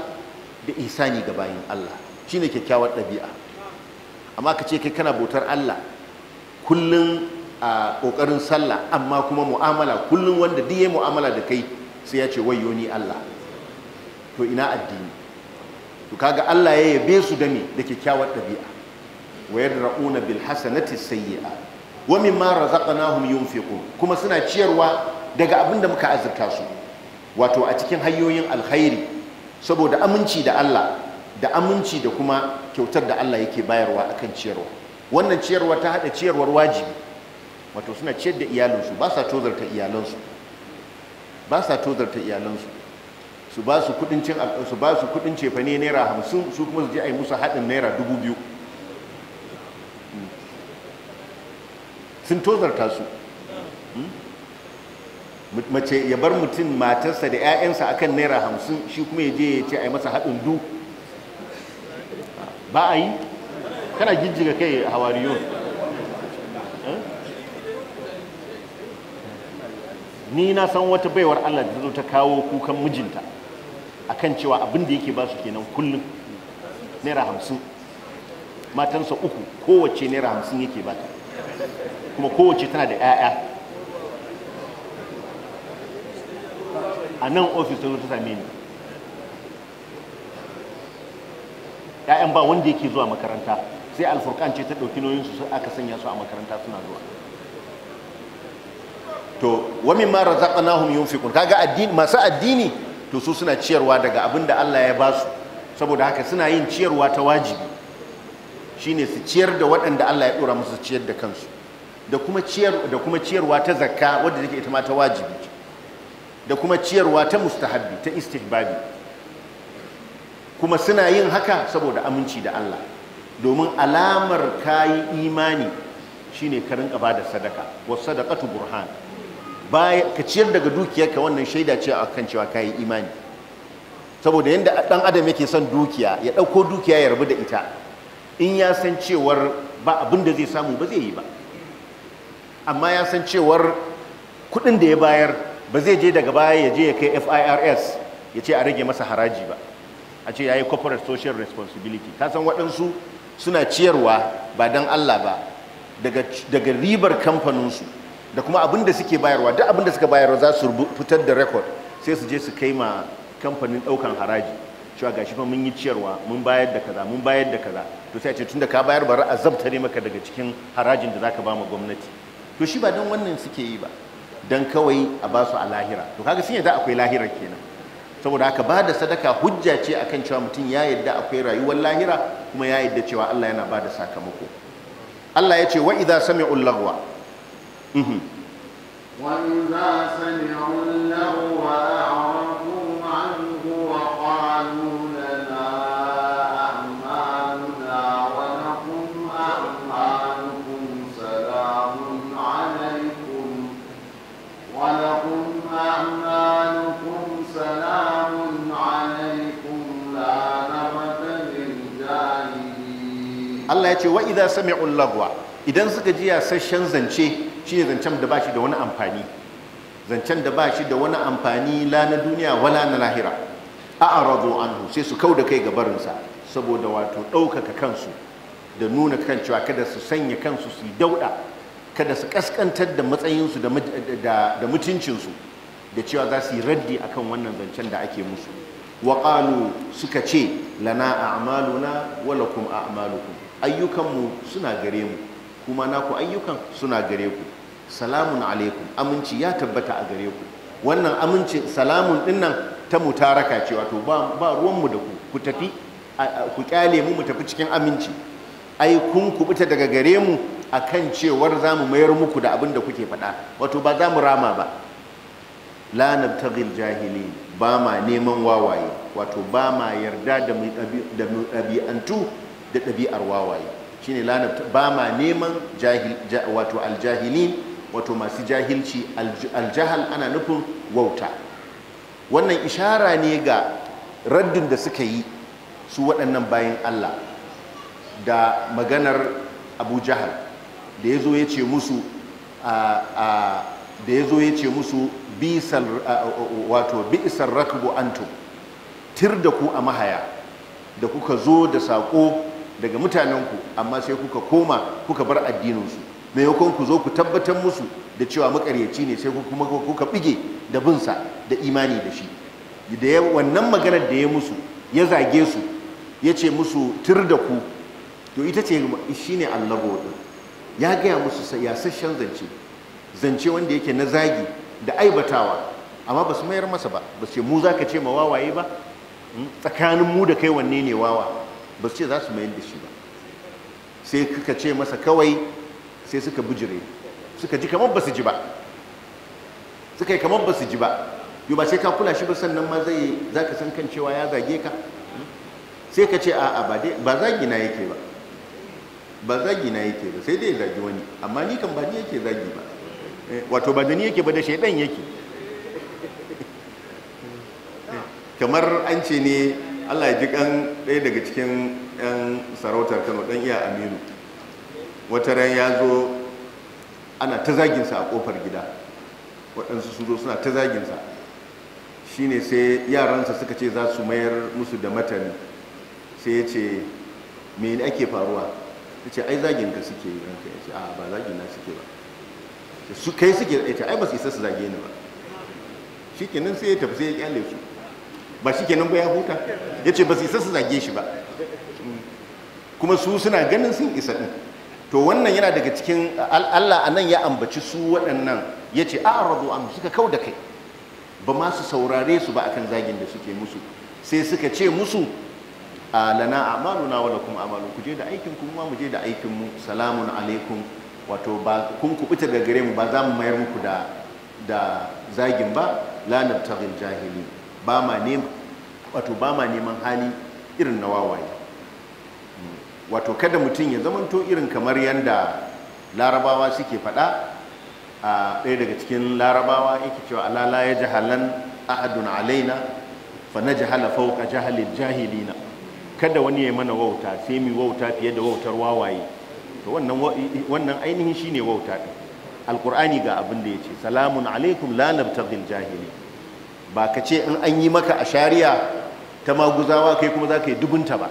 da ihsani ga bayin Allah ne kyakkyawar ɗabi'a amma ka ce kai kana bautar Allah kullum a ƙoƙarin sallah amma kuma mu'amala kullum wanda duk ya mu'amala da kai sai ya ce wayo ni Allah to ina addini to kaga Allah ya yabe su da me da kyakkyawar ɗabi'a wa yadra'una bil hasanati sayyi'a wa mimma razaqnahum yunfiqun kuma suna ciyarwa daga abin da muka azurta su wato a cikin hanyoyin alkhairi saboda aminci da Allah da aminci da kuma kyautar da Allah yake bayarwa akan ciyarwa wannan ciyarwa ta haɗa ciyarwar wajibi wato suna ciyar da iyalinsu ba sa tozarta iyalansu ba sa tozarta iyalansu su ba su kudin cin su ba su kudin cefane naira hamsin su kuma su je a yi musu haɗin naira dubu biyu sun tozarta su hmm? mace ya bar mutum matarsa da 'ya'yansa akan naira hamsin shi kuma ya je ya ce a yi masa haɗin du ba a yi kana jijjiga kai a hawariyo ni na san wata baiwar Allah da zo ta kawo kukan mijinta akan cewa abin da yake ba su kenan kullum naira hamsin matansa uku kowace naira hamsin yake bata kuma kowace tana da 'ya'ya a nan ofis ta zo ta same ni ‘ya'yan ba wanda yake zuwa makaranta sai alfurkan ce ta ɗauki noyinsu su aka sanya su a makaranta suna zuwa to wa mimma razaqnahum yunfiqun kaga addini masu addini to su suna ciyarwa daga abin da Allah ya ba su saboda haka suna yin ciyarwa ta wajibi shine su ciyar da waɗanda Allah ya ɗora musu ciyar da kansu da kuma ciyarwa ta zakka wadda take ita ma ta wajibi da kuma ciyarwa ta mustahabbi ta istihbabi kuma suna yin haka saboda aminci da Allah domin alamar kayi imani shine ka rinka bada sadaka was sadaqatu burhan baya ka ciyar daga dukiyarka wannan shaida ce akan cewa kayi imani saboda yadda dan adam yake son dukiya ya dauko dukiya ya rabu da ita in ya san cewar ba abin da zai samu ba zai yi ba amma ya san cewar kudin da ya bayar ba zai je daga baya ya je ya kai FIRS ya ce a rage masa haraji ba a ce ya yi corporate social responsibility ka san waɗansu suna ciyarwa ba don Allah ba daga ribar kamfaninsu da kuma abin da suke bayarwa duk abin da suka bayarwa za su fitar da rekod sai su je su kai ma kamfanin ɗaukan haraji cewa gashi fa mun yi ciyarwa mun bayar da kaza mun bayar da kaza to sai a ce tunda ka bayar bari a ne maka daga cikin harajin da zaka ba mu gwamnati to shi ba don wannan suke yi ba don kawai a ba su a lahira to kaga sun yadda akwai lahirar kenan saboda haka ba da sadaka hujja ce a kan cewa mutum ya yadda akwai rayuwar lahira kuma ya yadda cewa Allah yana ba da sakamako Allah ya ce wa idza sami'ul lagwa mhm. wa idza sami'ul lagwa Allah ya ce wa idza sami'u lagwa idan suka ji yasasshen zance shine zancen da bashi da wani amfani zancen da bashi da wani amfani la na duniya wala na lahira a'radu anhu sai su kauda kai ga barinsa saboda wato ɗaukaka kansu da nuna kan cewa kada su sanya kansu su dauda kada su kaskantar da matsayinsu da mutuncinsu da cewa za su yi raddi akan wannan zancen da ake musu wa suka ce lana a'maluna wa lakum a'malukum ayyukanmu suna gare mu kuma naku ayyukan suna gare ku salamun alaikum aminci ya tabbata a gare ku wannan aminci salamun dinnan ta mutaraka ce wato ba, ruwanmu da ku ku tafi ku kyale mu mu tafi cikin aminci ai kun kubuta daga gare mu kan cewar zamu mayar muku da abin da kuke faɗa wato ba za mu rama ba la nabtaghil jahili ba ma neman wawaye wato ba ma yarda da ɗabi'antu da ɗabi'ar wawaye shine lanabta ba ma neman wato aljahilin wato masu jahilci aljahal ana nufin wauta wannan ishara ne ga raddin da suka yi su waɗannan bayan Allah da maganar abu jahal da ya zo ya ce musu da ya zo ya ce musu wato bi'isar rakbu antum tir da ku a mahaya da kuka zo da saƙo daga mutanenku amma sai kuka koma kuka bar addininsu maimakon ku zo ku tabbatar musu da cewa makaryaci ne sai kuma kuka bige da binsa da imani da shi da wannan maganar da ya musu ya zage su ya ce musu tur da ku to ita ce shi ne allabo ya gaya musu yasasshen zance zance wanda yake na zagi da aibatawa amma ba su mayar masa ba ba su ce mu za ka ce ma wawaye ba hmm, tsakanin mu da kai wanne ne wawa ba su ce za su mayar da shi ba sai suka ce masa kawai sai suka bujire suka ji kamar ba su ji ba suka yi kamar ba su ji ba yi ba sai ka kula shi ba sannan ma zai za ka san kan cewa ya zage ka sai ka ce a'a ba dai ba zagi na yake ba ba zagi na yake ba sai dai zagi wani amma ni kan ba ni yake zagi ba eh, wato ba da ni yake ba da shaidan yake kamar an ce ne allah ya ji kan ɗaya daga cikin 'yan sarautar kano ɗan iya aminu wata ran ya zo ana ta zaginsa a ƙofar gida waɗansu sun zo suna ta zaginsa shi ne sai yaransa suka ce za su mayar musu da matani sai ya ce me ake faruwa ya ce ai zagin ka suke yi ranka ya ce a ba zagin na suke ba su kai suke ya ce ai ba su isa su zage ni ba shi kenan sai ya tafi sai ya kyale su ba shi kenan ba ya huta ya ce ba su isa su zage shi ba kuma su suna ganin sun isa ɗin to wannan yana daga cikin allah a nan ya ambaci su waɗannan ya ce a rabu an suka kau da kai ba ma su saurare su ba akan zagin da suke musu sai suka ce musu a lana amaluna wa kuma amalu ku je da aikin ku mu je da aikin mu salamun alaikum wato ba kun kubuta da gare mu ba za mu mayar muku da zagin ba la nabtaghil jahilin wato ba ma neman hali irin na wawaye wato kada mutum ya zamanto irin kamar yadda larabawa suke faɗa a ɗaya daga cikin larabawa yake cewa alala ya jahalan ahadun alaina fa na jahala fauka jahalin jahilina kada wani ya mana wauta sai mu wauta fiye da wautar wawaye to wannan ainihin shine wauta ɗin alkur'ani ga abin da ya ce salamun alaikum la jahili ba ka ce in an yi maka a shari'a ta maguzawa kai kuma za ka yi dubunta ba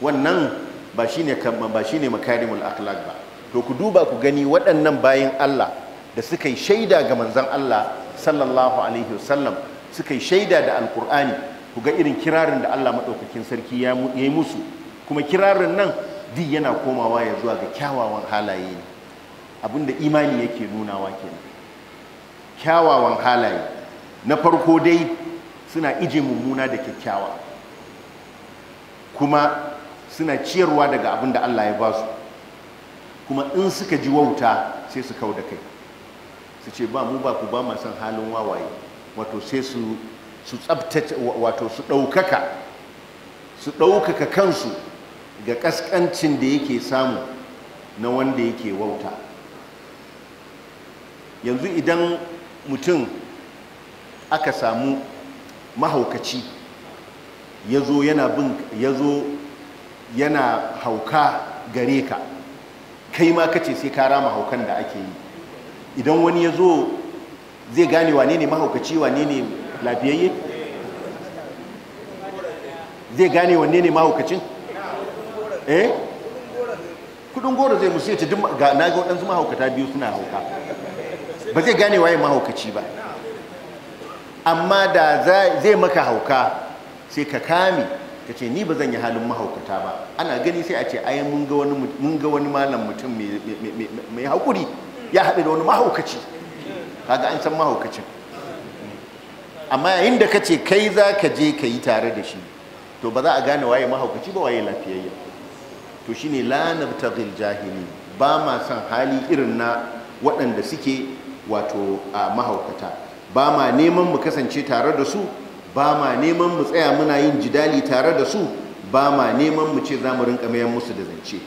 wannan ba shi ne makarimul akhlaq ba to ku duba ku gani waɗannan bayan Allah da suka yi shaida ga manzan Allah sallallahu alaihi wasallam suka yi shaida da alkur'ani ku ga irin kirarin da Allah maɗaukakin sarki ya yi musu kuma kirarin nan duk yana komawa ya zuwa ga kyawawan halaye abinda imani yake nunawa kenan kyawawan halaye na farko dai suna ije mummuna da kyakkyawa kuma suna ciyarwa daga abin da Allah ya ba su kuma in suka ji wauta sai su kau da kai su ce ba mu ba ku ba ma san halin wawaye wato sai su su tsabtace wato su ɗaukaka su ɗaukaka kansu ga ƙasƙancin da yake samu na wanda yake wauta yanzu idan mutum aka samu mahaukaci ya zo yana bin ya zo yana hauka gare ka kai ma kace sai kara mahaukan haukan da ake yi idan wani ya zo zai gane wane ne mahaukaci wane ne lafiyayye zai gane wane ne mahaukacin eh kudin goro zai musu ya ce na ga waɗansu mahaukata biyu suna hauka ba zai gane waye mahaukaci ba amma da zai maka hauka sai ka kame ka ce ni ba zan yi halin mahaukata ba ana gani sai a ce ai mun ga wani malam mutum mai haƙuri ya haɗu da wani mahaukaci kaga an san mahaukacin amma yayin da ka ce kai za ka je ka yi tare da shi to ba za a gane waye mahaukaci ba waye lafiyayya to shine la nabtaghil jahili ba ma son hali irin na waɗanda suke wato a mahaukata ba ma neman mu kasance tare da su ba ma neman mu tsaya muna yin jidali tare da su ba ma neman mu ce za mu musu da zance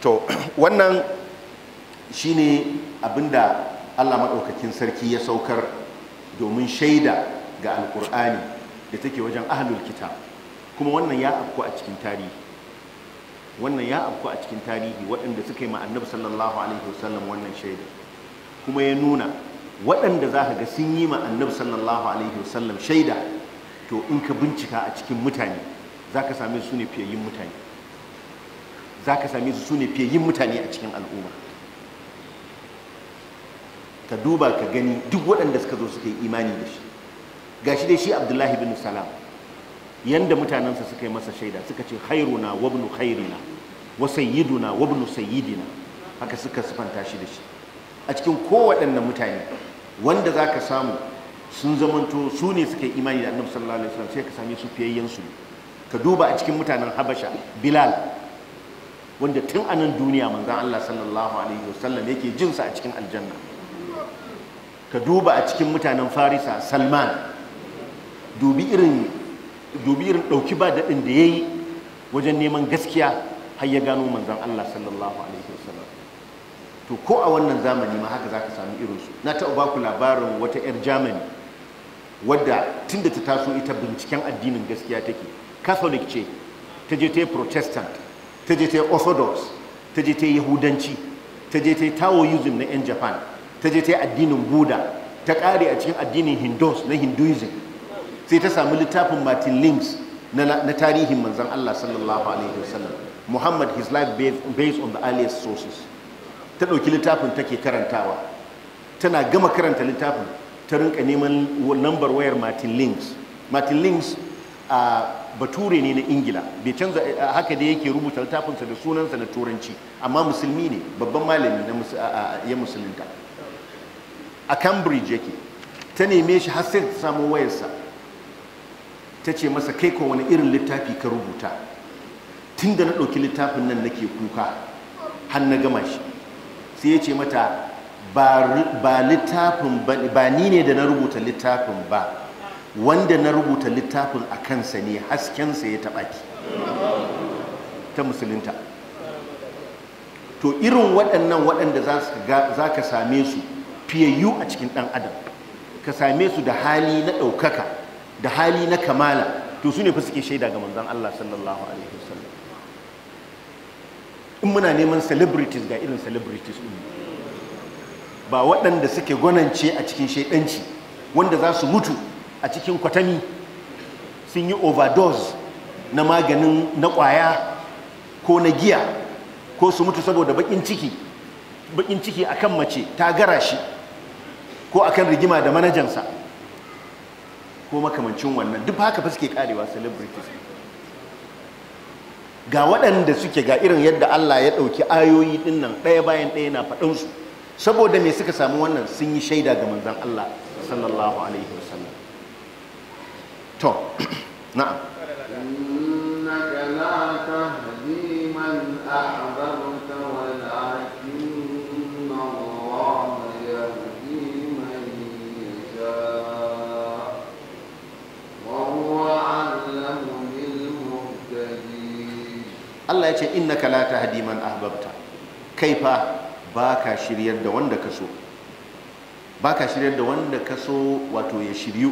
to wannan shine abinda Allah maɗaukakin sarki ya saukar domin shaida ga alkur'ani da take wajen ahlul kitab kuma wannan ya afku a cikin tarihi wannan ya afku a cikin tarihi waɗanda suka yi ma annabi sallallahu alaihi wasallam wannan shaida kuma ya nuna waɗanda za ka ga sun yi ma annabi sallallahu alaihi wasallam shaida to in ka bincika a cikin mutane za ka same su ne fiyayyin mutane za ka same su ne fiyayyin mutane a cikin al'umma ka duba ka gani duk waɗanda suka zo suka yi imani da shi gashi dai shi abdullahi bin salam yanda mutanensa suka yi masa shaida suka ce hairuna wabnu khairina wa sayyiduna wabnu sayyidina haka suka sifanta shi da shi a cikin kowaɗannan mutane wanda za ka samu sun zamanto su ne suka yi imani da annabi sallallahu alaihi wasallam sai ka same su fiyayyen ka duba a cikin mutanen habasha bilal wanda tun a nan duniya manzan allah sallallahu alaihi wasallam yake jinsa a cikin aljanna ka duba a cikin mutanen farisa salman dubi irin dubi irin ɗauki ba daɗin da ya yi wajen neman gaskiya har ya gano manzan allah sallallahu alaihi wasallam to ko a wannan zamani ma haka za ka sami irinsu na taɓa ba ku labarin wata 'yar germany wadda tun da ta taso ita binciken addinin gaskiya take catholic ce ta je ta yi protestant ta je ta yi orthodox ta je ta yi yahudanci ta je ta yi taoism na 'yan japan ta je ta yi addinin buddha ta ƙare a cikin addinin hindus na hinduism sai ta sami littafin martin links na tarihin manzan allah sallallahu alaihi wasallam muhammad his life based on the earliest sources ta ɗauki littafin take karantawa tana gama karanta littafin ta rinka neman lambar wayar martin links martin links a bature ne na ingila bai canza haka da yake rubuta littafinsa da sunansa na turanci amma musulmi ne babban malami na ya musulunta a cambridge yake ta neme shi har sai ta samu wayarsa ta ce masa kai ko wani irin littafi ka rubuta tun da na ɗauki littafin nan nake kuka har na gama shi sai ya ce mata ba littafin ba ni ne da na rubuta littafin ba wanda na rubuta littafin a kansa ne haskensa ya taɓa ki ta musulunta to irin waɗannan waɗanda za ka same su fiyayyu a cikin ɗan adam ka same su da hali na ɗaukaka da hali na kamala to su ne fa suke shaida ga manzan, Allah sallallahu alaihi wasallam in muna neman celebrities ga irin celebrities ɗin ba waɗanda suke gwanance a cikin shaidanci wanda za su mutu a cikin kwatami sun yi overdose na maganin na ƙwaya ko na giya ko su mutu saboda baƙin ciki baƙin ciki akan mace ta gara shi ko akan rigima da manajansa ko makamancin wannan duk haka fa suke karewa celebrities ga waɗanda suke ga irin yadda Allah ya ɗauki ayoyi ɗin nan ɗaya bayan ɗaya na faɗinsu saboda me suka samu wannan sun yi shaida ga manzan Allah sallallahu alaihi wasallam to na'am innaka la Allah ya ce innaka la tahdi man ahbabta kai fa baka shiryar da wanda ka so baka shiryar da wanda ka so wato ya shiryu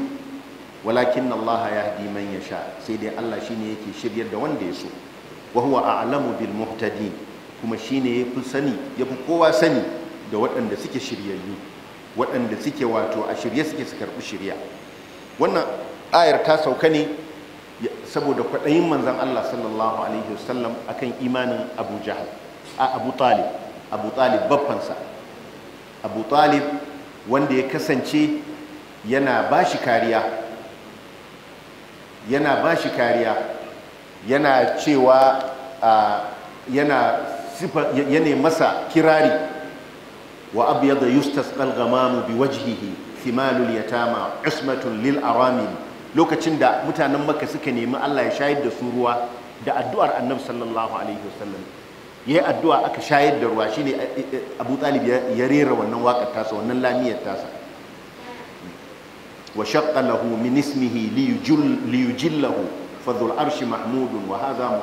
walakin Allah yahdi man yasha sai dai Allah shine yake shiryar da wanda ya so wa huwa a'lamu bil muhtadin kuma shine yafi sani yafi kowa sani da waɗanda suke shiryayyu waɗanda suke wato a shirye suke su karɓi shirya wannan ayar ta sauka ne saboda kwaɗayin manzan Allah sallallahu alaihi wasallam akan imanin Abu Jahal a Abu Talib Abu Talib baffansa. Abu Talib wanda ya kasance yana ba shi kariya yana ba shi kariya yana cewa yana yana masa kirari wa abyada yustasqal ghamamu biwajhihi thimalul yatama ismatun lil aramin lokacin da mutanen maka suka nemi Allah ya shayar da su ruwa da addu'ar annabi sallallahu alaihi wasallam yayi addu'a aka shayar da ruwa shine eh, eh, Abu Talib ya rera wannan waƙar tasa wannan lamiyar tasa wa shaqqa lahu min ismihi li fadhul arshi mahmudun wa hadha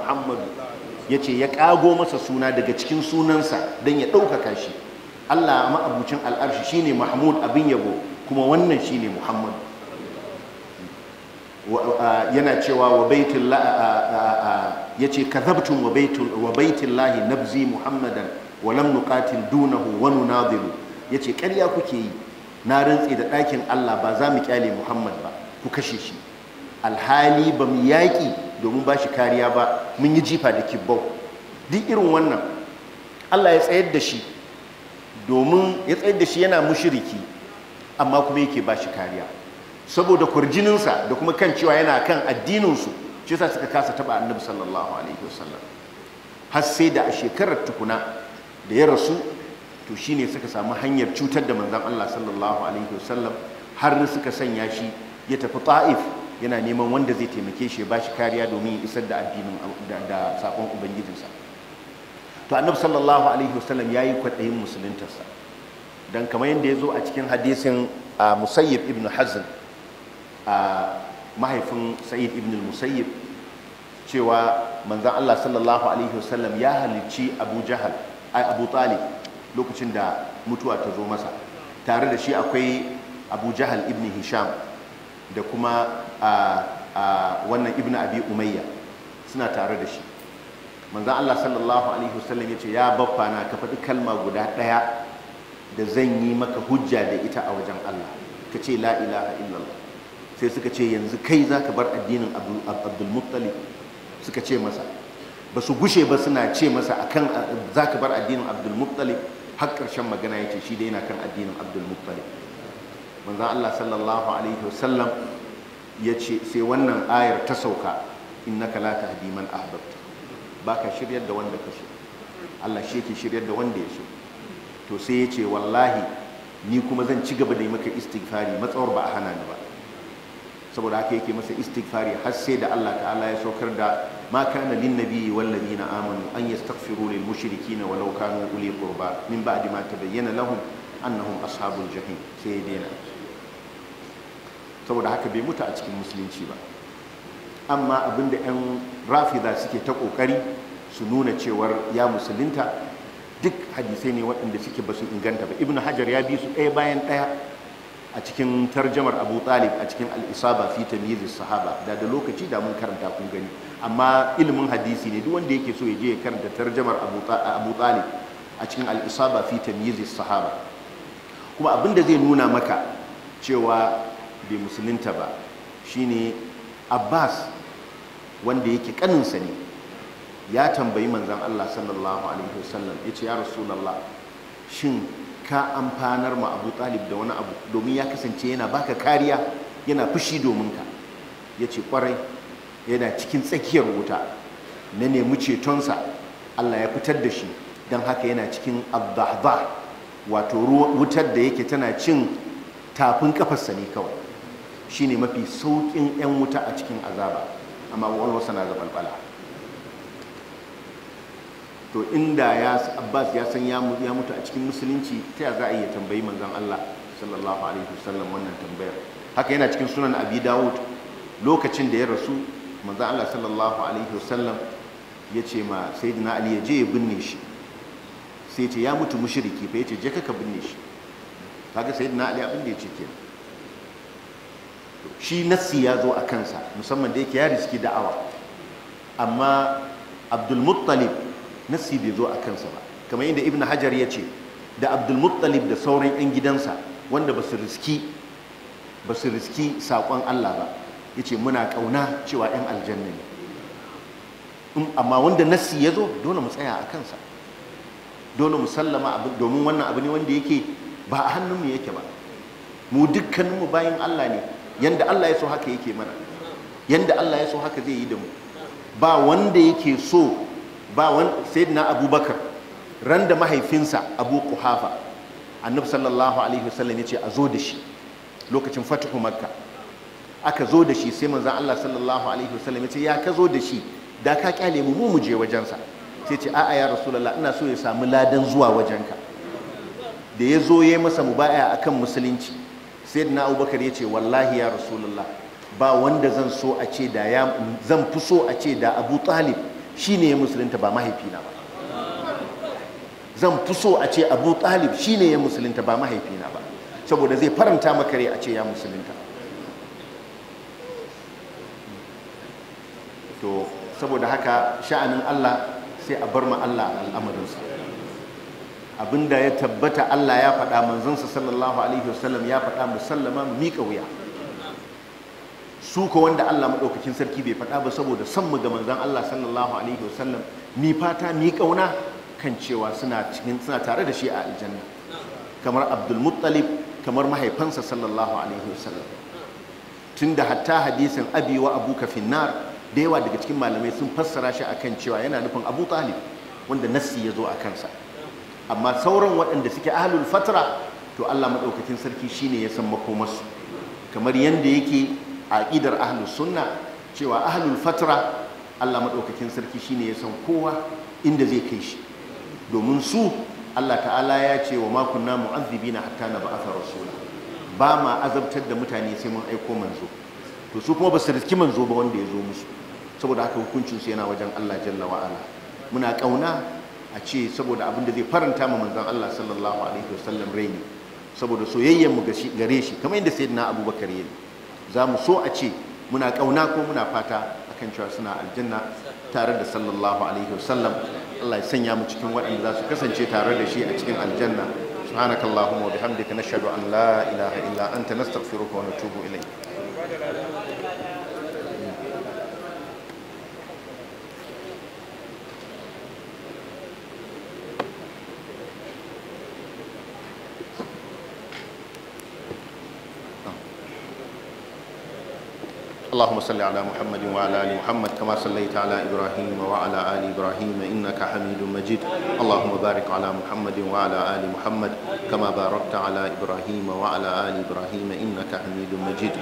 ya yace ya kago masa suna daga cikin sunansa dan ya ɗaukaka shi Allah ma'abucin al'arshi shine mahmud abin yabo kuma wannan shine muhammadu yana cewa wa baitin ya ce kazabtun wa baitin lahi nabzi muhammadan wa lam nuqatil dunahu wa nunadiru ya ce karya kuke yi na rantse da ɗakin allah ba za mu kyale muhammad ba ku kashe shi alhali ba mu yaƙi domin ba shi kariya ba mun yi jifa da kibbau duk irin wannan allah ya tsayar da shi domin ya tsayar da shi yana mushiriki amma kuma yake ba shi kariya saboda kurjininsa da kuma kan cewa yana kan addininsu shi yasa suka kasa taba annabi sallallahu alaihi wasallam har sai da a shekarar tukuna da ya rasu to shine suka samu hanyar cutar da manzon Allah sallallahu alaihi wasallam har suka sanya shi ya tafi ta'if yana neman wanda zai taimake shi ya shi kariya domin isar da addinin da sakon ubangijinsa to annabi sallallahu alaihi wasallam yayi kwaɗayin musuluntarsa dan kamar yadda ya zo a cikin hadisin musayyib ibn hazm a mahaifin sa'id ibn musayyib cewa manzan Allah sallallahu alaihi wasallam ya halicci abu jahal ai abu talib lokacin da mutuwa ta zo masa tare da shi akwai abu jahal ibn hisham da kuma wannan ibn abi umayya suna tare da shi manzan Allah sallallahu alaihi wasallam ya ce ya baffa na ka faɗi kalma guda ɗaya da zan yi maka hujja da ita a wajen Allah ka ce la ilaha illallah sai suka ce yanzu kai za ka bar addinin abdulmuttalib suka ce masa ba su gushe ba suna ce masa akan za ka bar addinin abdulmuttalib har ƙarshen magana ya ce shi dai yana kan addinin abdulmuttalib manzan allah sallallahu alaihi wasallam ya ce sai wannan ayar ta sauka innaka la tahdi man ahbabta ka shiryar da wanda ka shi Allah shi yake shiryar da wanda ya shi to sai ya ce wallahi ni kuma zan ci gaba da yi maka istighfari matsawar ba a hana ni ba saboda haka yake masa istighfari har sai da Allah ta'ala ya saukar da ma kana lin nabiyyi wal ladina amanu an yastaghfiru lil mushrikina walau kanu uli qurba min ba'di ma tabayyana lahum annahum ashabul jahim sai daina saboda haka bai mutu a cikin musulunci ba amma abinda yan rafida suke ta kokari su nuna cewar ya musulunta duk hadisai ne waɗanda suke basu inganta ba ibnu hajar ya bi su ɗaya bayan ɗaya a cikin tarjamar abu talib a cikin al'isaba fi tamyiz sahaba da da lokaci da mun karanta kun gani amma ilimin hadisi ne duk wanda yake so ya je ya karanta tarjamar abu talib a cikin al'isaba fi tamyiz sahaba kuma abin da zai nuna maka cewa bai musulunta ba shine abbas wanda yake kaninsa ne ya tambayi manzon allah sallallahu alaihi wasallam ya ce ya rasulallah shin ka amfanar ma abu talib da wani abu domin ya kasance yana baka kariya yana fushi domin ka ya ce kwarai yana cikin tsakiyar wuta na nemi cetonsa allah ya fitar da shi don haka yana cikin abdahba wato wutar da yake tana cin tafin kafarsa ne kawai shine mafi saukin 'yan wuta a cikin azaba amma wani wasa na ga balbala to inda ya abbas ya san ya mutu a cikin musulunci ta ya za a iya tambayi manzan allah sallallahu alaihi wasallam wannan tambayar haka yana cikin sunan abi dawud lokacin da ya rasu manzan allah sallallahu alaihi wasallam ya ce ma sayyidina ali ya je ya binne shi sai ce ya mutu mushriki fa ya ce je ka binne shi kaga sayyidina ali abin da ya ce kenan shi nassi ya zo a kansa musamman da yake ya riski da'awa amma abdul muttalib nassi bai zo a kansa ba kamar yadda ibn hajar ya ce da abdulmuttalib da sauran 'yan gidansa wanda ba su riski saƙon allah ba ya ce muna ƙauna cewa 'yan aljanna ne um, amma wanda nassi ya zo dole mu tsaya a kansa dole mu sallama domin wannan abu ne wanda yake ba a hannunmu yake ba mu dukkaninmu bayan allah ne yanda allah ya so haka yake mana yanda allah ya so haka zai yi da mu ba wanda yake so ba wani sayyidina abubakar ran da mahaifinsa abu kuhafa annabi sallallahu alaihi wasallam ya ce a zo da shi lokacin fatihu makka aka zo da shi sai manzan allah sallallahu alaihi wasallam ya ce ya ka zo da shi da ka kyale mu mu je wajensa sai ce a'a ya rasulallah ina so ya samu ladan zuwa wajenka da ya zo ya masa a kan musulunci sayyidina abubakar ya ce wallahi ya rasulallah ba wanda zan so a ce da zan fi so a ce da abu talib shi ne ya musulunta ba mahaifina ba zan fi so a ce abu talib shi ne ya musulunta ba mahaifina ba saboda zai faranta maka rai a ce ya musulunta to saboda haka sha'anin allah sai a bar ma allah al'amarinsa abinda ya tabbata allah ya faɗa manzansa sallallahu alaihi wasallam ya faɗa musallama mika wuya su ko wanda Allah maɗaukakin sarki bai faɗa ba saboda san mu ga manzon Allah sallallahu alaihi wasallam ni fata ni kauna kan cewa suna cikin suna tare da shi a aljanna kamar Abdul Muttalib kamar mahaifansa sallallahu alaihi wasallam tunda hatta hadisin abi wa abuka finnar da yawa daga cikin malamai sun fassara shi akan cewa yana nufin Abu Talib wanda nassi ya zo a kansa amma sauran waɗanda suke ahlul fatra to Allah maɗaukakin sarki shine ya san makomarsu kamar yadda yake a ƙidar ahlus sunna cewa ahlul fatra Allah maɗaukakin sarki shine ya san kowa inda zai kai shi domin su Allah ta'ala ya ce wa makunna na hatta na ba'atha rasula ba ma azabtar da mutane sai mun aiko manzo to su kuma ba su riski manzo ba wanda ya zo musu saboda haka hukuncin su yana wajen Allah jalla wa muna kauna a ce saboda abin da zai faranta mu manzon Allah sallallahu alaihi wasallam rai saboda soyayyen mu gare shi kamar yadda sayyidina Abubakar yayi za mu so a ce muna ƙauna ko muna fata akan cewa suna aljanna tare da sallallahu alaihi wasallam Allah ya sanya mu cikin waɗanda za su kasance tare da shi a cikin aljanna subhanakallahumma wa bihamdika nashhadu an la ilaha illa anta nastaghfiruka wa natubu ilayk اللهم صل على محمد وعلى ال محمد كما صليت على ابراهيم وعلى ال ابراهيم انك حميد مجيد اللهم بارك على محمد وعلى ال محمد كما باركت على ابراهيم وعلى ال ابراهيم انك حميد مجيد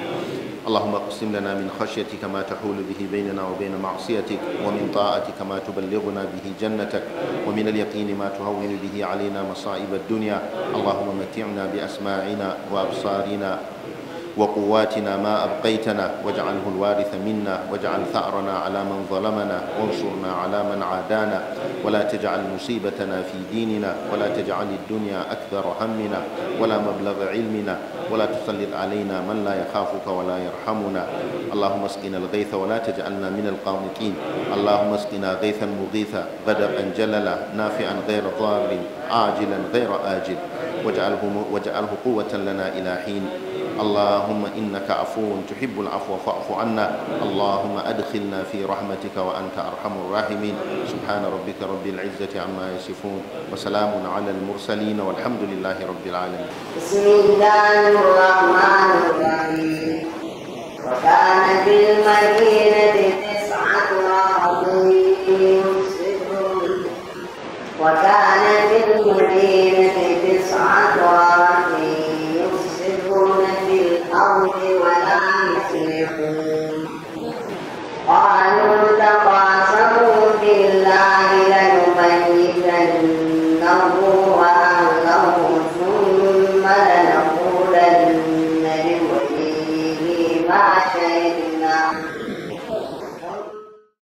اللهم اقسم لنا من خشيتك ما تحول به بيننا وبين معصيتك ومن طاعتك ما تبلغنا به جنتك ومن اليقين ما تهون به علينا مصائب الدنيا اللهم متعنا باسماعنا وابصارنا وقواتنا ما أبقيتنا واجعله الوارث منا واجعل ثأرنا على من ظلمنا وانصرنا على من عادانا ولا تجعل مصيبتنا في ديننا ولا تجعل الدنيا أكبر همنا ولا مبلغ علمنا ولا تسلط علينا من لا يخافك ولا يرحمنا اللهم اسقنا الغيث ولا تجعلنا من القانطين اللهم اسقنا غيثا مغيثا غدقا جللا نافعا غير ضار عاجلا غير آجل واجعله, واجعله قوة لنا إلى حين اللهم إنك عفو تحب العفو فاعف عنا اللهم أدخلنا في رحمتك وأنت أرحم الراحمين سبحان ربك رب العزة عما يصفون وسلام على المرسلين والحمد لله رب العالمين بسم الله الرحمن الرحيم وكان في المدينة تسعة وكان في المدينة تسعة أبوين you